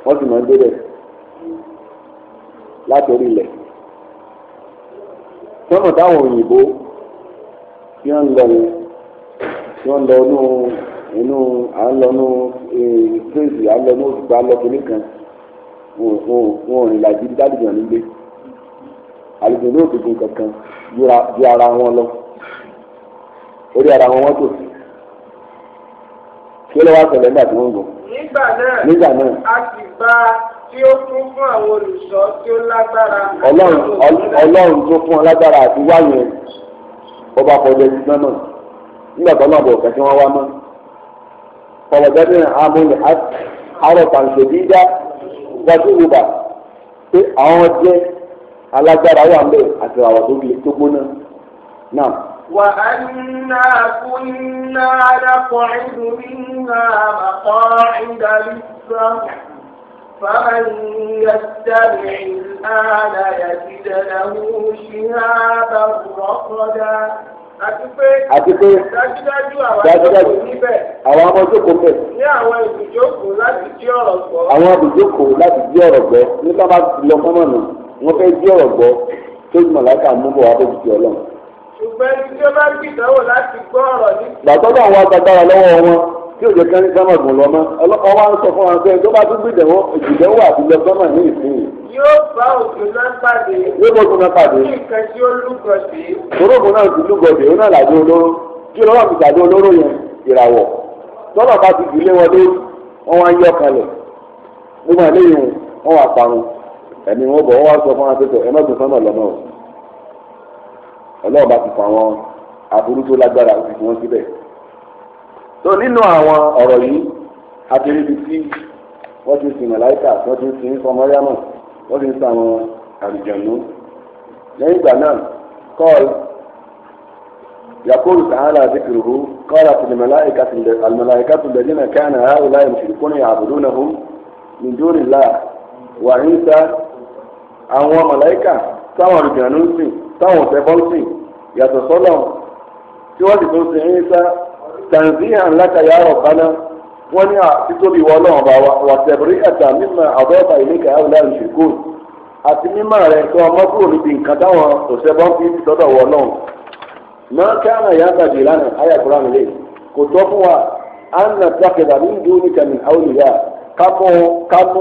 wọ́n sì máa ń débẹ̀ látòrí ilẹ̀ sọ́nà táwọn òyìnbó tí wọ́n ń lọ yẹn tí wọ́n ń lọ inú inú à ń lọ inú tírèsì eh, à ń lọ inú òṣùpá lọ́kùnrin kan wọn ò rìn làjí dádìgbọ̀n nílé àlejò ní òkùnkùn kankan ju ara wọn lọ orí ara wọn wọ́n tò sí kí ló wá ṣẹlẹ̀ nígbà tí wọ́n ń gùn. nígbà náà a sì bá a tí ó kún fún àwọn olùṣọ́ tí ó lágbára. ọlọ́run tó fún ọ lágbára àti wáyé bó bá kọjá náà nígbà tó náà bọ̀ kẹ́kẹ́ wọn wá mọ́. kọ̀wọ̀dẹ́bìnrin amúlò àròkànṣe dídá wájú wùbà pé àwọn jẹ́ alágbára wà ń bẹ̀ àti àwọn tó gbóná náà. وأنا كنا نقعد منها مقاعد للسمع فمن يتبع الآن يجد له شهابا رصدا àti pé dájúdájú àwọn ọmọ ìjókòó bẹ̀. ní àwọn ibùjókòó láti jí ọ̀rọ̀ gbọ́. àwọn ibùjókòó láti jí ọ̀rọ̀ gbọ́ ní bábá lọ fọ́nà nù wọ́n fẹ́ jí ọ̀rọ̀ gbọ́ tó jùmọ̀ láìka mú bọ̀ wá ti ọlọ́run. ṣùgbọ́n ẹni tí ó bá gbìdánwò láti gbọ́ ọ̀rọ̀ ní. gbàgbọ́dọ̀ àwọn agbára lọ́wọ́ wọn tí òjò kan ní sámà gùn lọ́mọ ọlọ́pàá wa ń sọ fún wa pé tó bá tún gbìdẹ̀ wọn ìjìdẹ̀ wà àtijọ́ sọ́mà ní ìsinyìí. yóò bá ògùn náà pàdé. yóò bá ògùn náà pàdé. kí nǹkan tí ó lúgọ̀dé. torógùn náà ti lúgọ̀dé ó náà làjọ olóró kí ọlọ́wọ́ mi tàbí olóró yẹn ìràwọ̀ tọ́lọ̀ bá ti dìlé wọn lórí wọn wá ń yọ kalẹ̀ nígbà lẹ́yìn wọn wà parun ẹ̀mí wọn bọ̀ wọn wá sọ fún wa pé tó nínú àwọn ọ̀rọ̀ yìí àti ibi tí wọ́n ti sìn màláìkà wọ́n ti sìn sọmọ́yámà wọ́n ti sìn àwọn àlùjànnú lẹ́yìn ìgbà náà kọ́ọ̀lù يقول تعالى ذكره قالت الملائكة الملائكة الذين كان هؤلاء المشركون يعبدونهم من دون الله وعيسى àwọn mọ̀lẹ́kà táwọn àlùjànnú sìn táwọn ọ̀sẹ̀ sìn yàtọ̀ sọ́lọ̀ tí wọ́n sì tún sin ẹ̀yìn sá tanzihan laka ya rabbana wọ́n ní àtitóbi wọ́n náà bá wa wà tẹ̀bírí ẹ̀ta mímọ́ àbọ̀ọ̀bà ìníkà ẹ̀wọ̀n láì ṣèkó àti mímọ́ rẹ̀ tó ọmọ kúrò níbi nǹkan táwọn òṣèbọ́n fi sọ́dọ̀ wọ́n náà máa káàmà yá gbàdé lánàá ayà kúrò àmì lè kò tọ́ fún wa anna takida ní ìdí oníkà ní àwòlíyà kámú kámú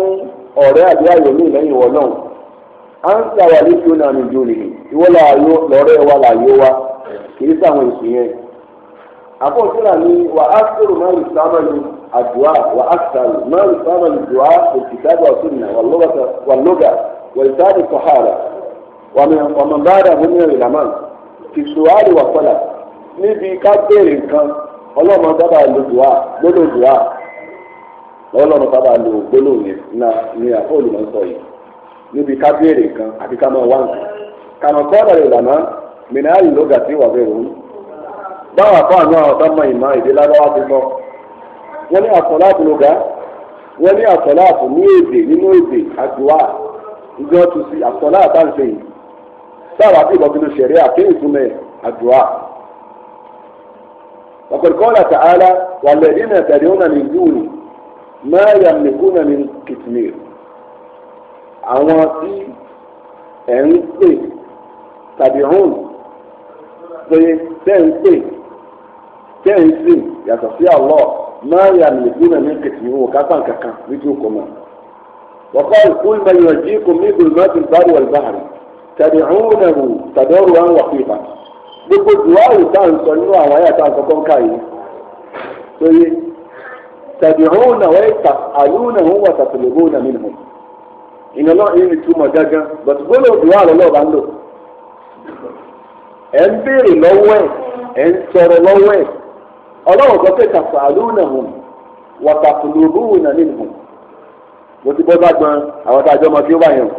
ọ̀rẹ́ àbí ayò ní ìlẹ́yìn wọ́n náà à ń sàwálé fún àmì ìdí oníkì ìwọ́lá ayò lọ́rẹ́ wa làyò wa kì í sàwọn ìsìn yẹn àbọ̀túnra ni wà á sòrò máa ń sábà ní àdúrà wà á sàlù máa ń sábà ní dùá òkìtàbà òsìnà wà lóga wà ìtàdì sọ̀hárà wà mọ̀nbára gómìnà ìlàmà tìṣùwárì wà fọlá níbi ká béèrè nǹkan ọlọ́mọ sábà lo dùá gbólò dùá ọlọ́mọ sábà lo gbólò yẹn ní àfọ́ọ̀lù máa ń sọ yìí níbi ká béèrè nǹkan àti ká máa wá nǹkan kàmọ́kọ́ ọ̀rọ̀ ìlàmà mìíràn lóga sí wà bẹ́ẹ̀ báwa fún àná ọ̀tá mọ ìmọ̀ èdè lábáwá ti mọ wọ́n ní àsọ̀lá àtúnúgá wọ́n ní àsọ̀lá àtún ní èdè nínú èdè àdúrà ìjọ tún sí àsọ̀lá àtàǹṣe yìí sáwà bí ìbọn bínú ṣẹ̀rí àkéyìn fún mẹ́ àdúrà. وقد قال تعالى والذين تدعون من دونه ما يملكون من كتمير àwọn tí ẹ̀ ń pè tàbí hùn pé tẹ́ ń tẹ́yìn sí yàtọ̀ sí àlọ́ máa yà mí kú nàní kẹ̀kẹ́ wọn ká pàn kankan nítorí kò mọ̀. wọ́pọ̀ ìkúlù náà yóò jí kò mí gbòòrò náà ti bárò wà lùbáàrì tàbí àwọn ònàwò tàbí ọrùn àwọn wàkú ìbà. gbogbo duwawu tá à ń sọ nínú àwọn ayé àtàwọn kọ́kọ́ ń ká yìí. sóye tàbí àwọn ònàwò àlùnàwò wà tàtàlẹ́gbò nà mí nìyẹn. ìyẹn náà ìyẹn ẹ̀ ń béèrè lọ́wọ́ ẹ̀ ẹ̀ ń sọ̀rọ̀ lọ́wọ́ ẹ̀ ọlọ́run kan pé tàfàlúnàhùn wàtàfùlùbùnà nínú mo ti bọ́ ságbọn àwọn tá a jọ mọ fi ó yẹn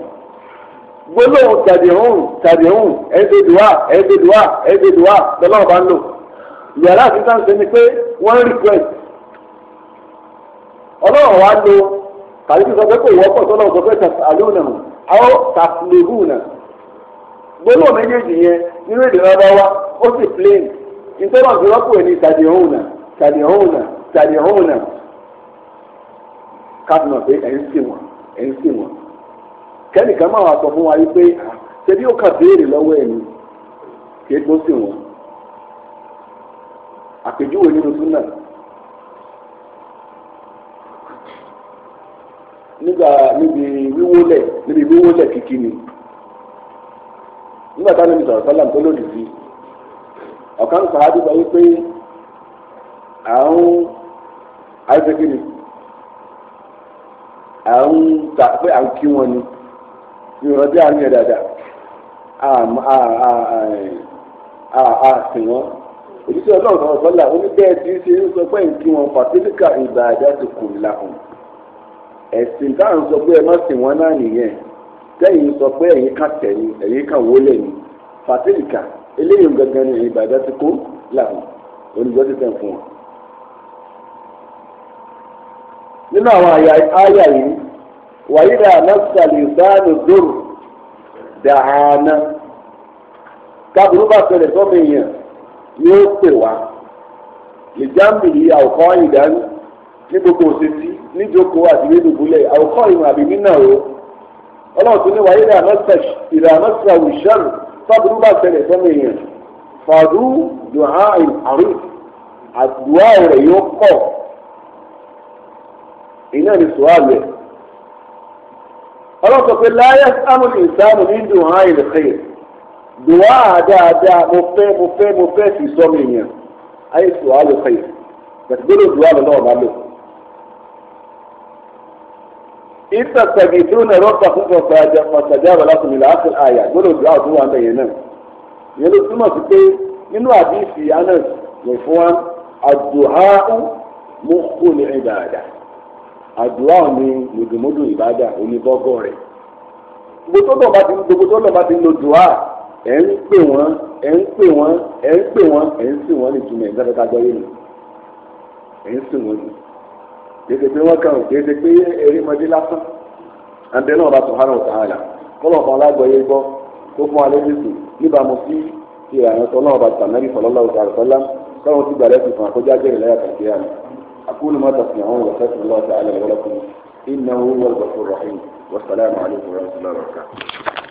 gbólóhùn tàdéhùn tàdéhùn ẹ̀ẹ́dẹ̀dùwà ẹ̀ẹ́dẹ̀dùwà ẹ̀ẹ́dẹ̀dùwà lọ́lọ́run bá ń lò yàrá àfihàn ni pé wọ́n request ọlọ́run wa lo tàbí sọ pé kò wọ́pọ̀ sọ pé àwọn gbólóhùn méjèèjì wa ó sì nítorí ọ̀sẹ̀ rọ́pò ẹni tàbí ọ̀hún náà tàbí ọ̀hún náà tàbí ọ̀hún náà káfíńà pé ẹ̀ ń sìn wọ́n ẹ̀ ń sìn wọ́n kẹ́nìkan máa wà sọ fún wa yìí pé ṣebí ó kà béèrè lọ́wọ́ ẹ̀ ni kí é tó sìn wọ́n àpèjúwe nínú súnà nígbà níbi wíwólẹ̀ níbi wíwólẹ̀ kìkì ni nígbà táwọn ẹni sọ̀rọ̀ sálàm tó lòdì sí i ọ̀kan sàádì sọ wípé àrùn àìsèkìrì àrùn tà pé à ń kí wọn ni mi ò rántí àárín ẹ̀ dáadáa a a a a a sìn wọn òjíṣẹ́ ọlọ́run sọ̀rọ̀ sọ́là oníbẹ̀ẹ́ tí ṣe ń sọ pé nkí wọn pàtílíkà ìgbà àdá ti kù làkùn ẹ̀sìn táwọn sọ pé ẹ má sìn wọn náà nìyẹn tẹ́yìn sọ pé ẹ̀yin kà tẹ̀yìn ẹ̀yin kà wọlé ni pàtílíkà eléyìí gangan ni ìbàdàn ti kó làwọn olùjọ́ ti tẹ̀ fún wa nínú àwọn àyà yìí wàyídà mọ́sálì sáànù dòrò dàánà káàbùrú bá fẹ̀rẹ̀ sọ́mi yẹn yóò pè wá ìjàmbì yìí àwòkọ́ ìdánù ní gbogbo òṣèṣì níjókòó àti nínú àwòkọ́ ìmọ̀ àbí nínà o ọlọ́run tó ní sábúrú bá ṣẹlẹ̀ sọ́mọ èèyàn fàdú dùhà àrùn àdúrà rẹ̀ yóò pọ̀ iná ní sùhàlù ẹ̀ ọlọ́sọ pé láyé sáàmù ní ìsáàmù ní dùhà ìlẹ̀kẹ́yẹ̀ dùhà dáadáa mo fẹ́ mo fẹ́ mo fẹ́ sì sọ́mọ èèyàn ayé sùhàlù kẹ́yẹ̀ gbẹ̀dúgbẹ́lò dùhà lọ́wọ́ máa lò. in tastaghithuna rabbakum fastajaba lakum ila akhir aya gbọ́dọ̀ dùn àwọn tó wà lẹ́yìn náà yẹn ló túmọ̀ sí pé nínú àdìsí anas rẹ̀fọ́n àdùhá mọ́kò ní ìbàdà àdùhá ni mùdùmùdù ìbàdà oníbọ́gọ́ rẹ̀ gbogbo tó bá ti gbogbo kéde pé wọ́n kàn ó kéde pé erémọdé lásán àǹdẹ náà bá sùn hánà ọ̀tá àlà kọ́lọ̀ kan lágbọ̀ọ́yé gbọ́ kó fún alẹ́ nìkú níbàámu sí ìlànà tó náà bá tànàbí sọlọ́lá ọ̀tá àlùfọ́lá káwọn ti gbàlẹ́ fi fún àkójá jẹ́rìí láyà kàkí àná àkúlù má tàfin àwọn wàsásùn lọ́ọ̀tá àlẹ́ wọlé fún innahu huwal ghafurur rahim wasalaamu alaykum wa rahmatulahi wa barakatuh.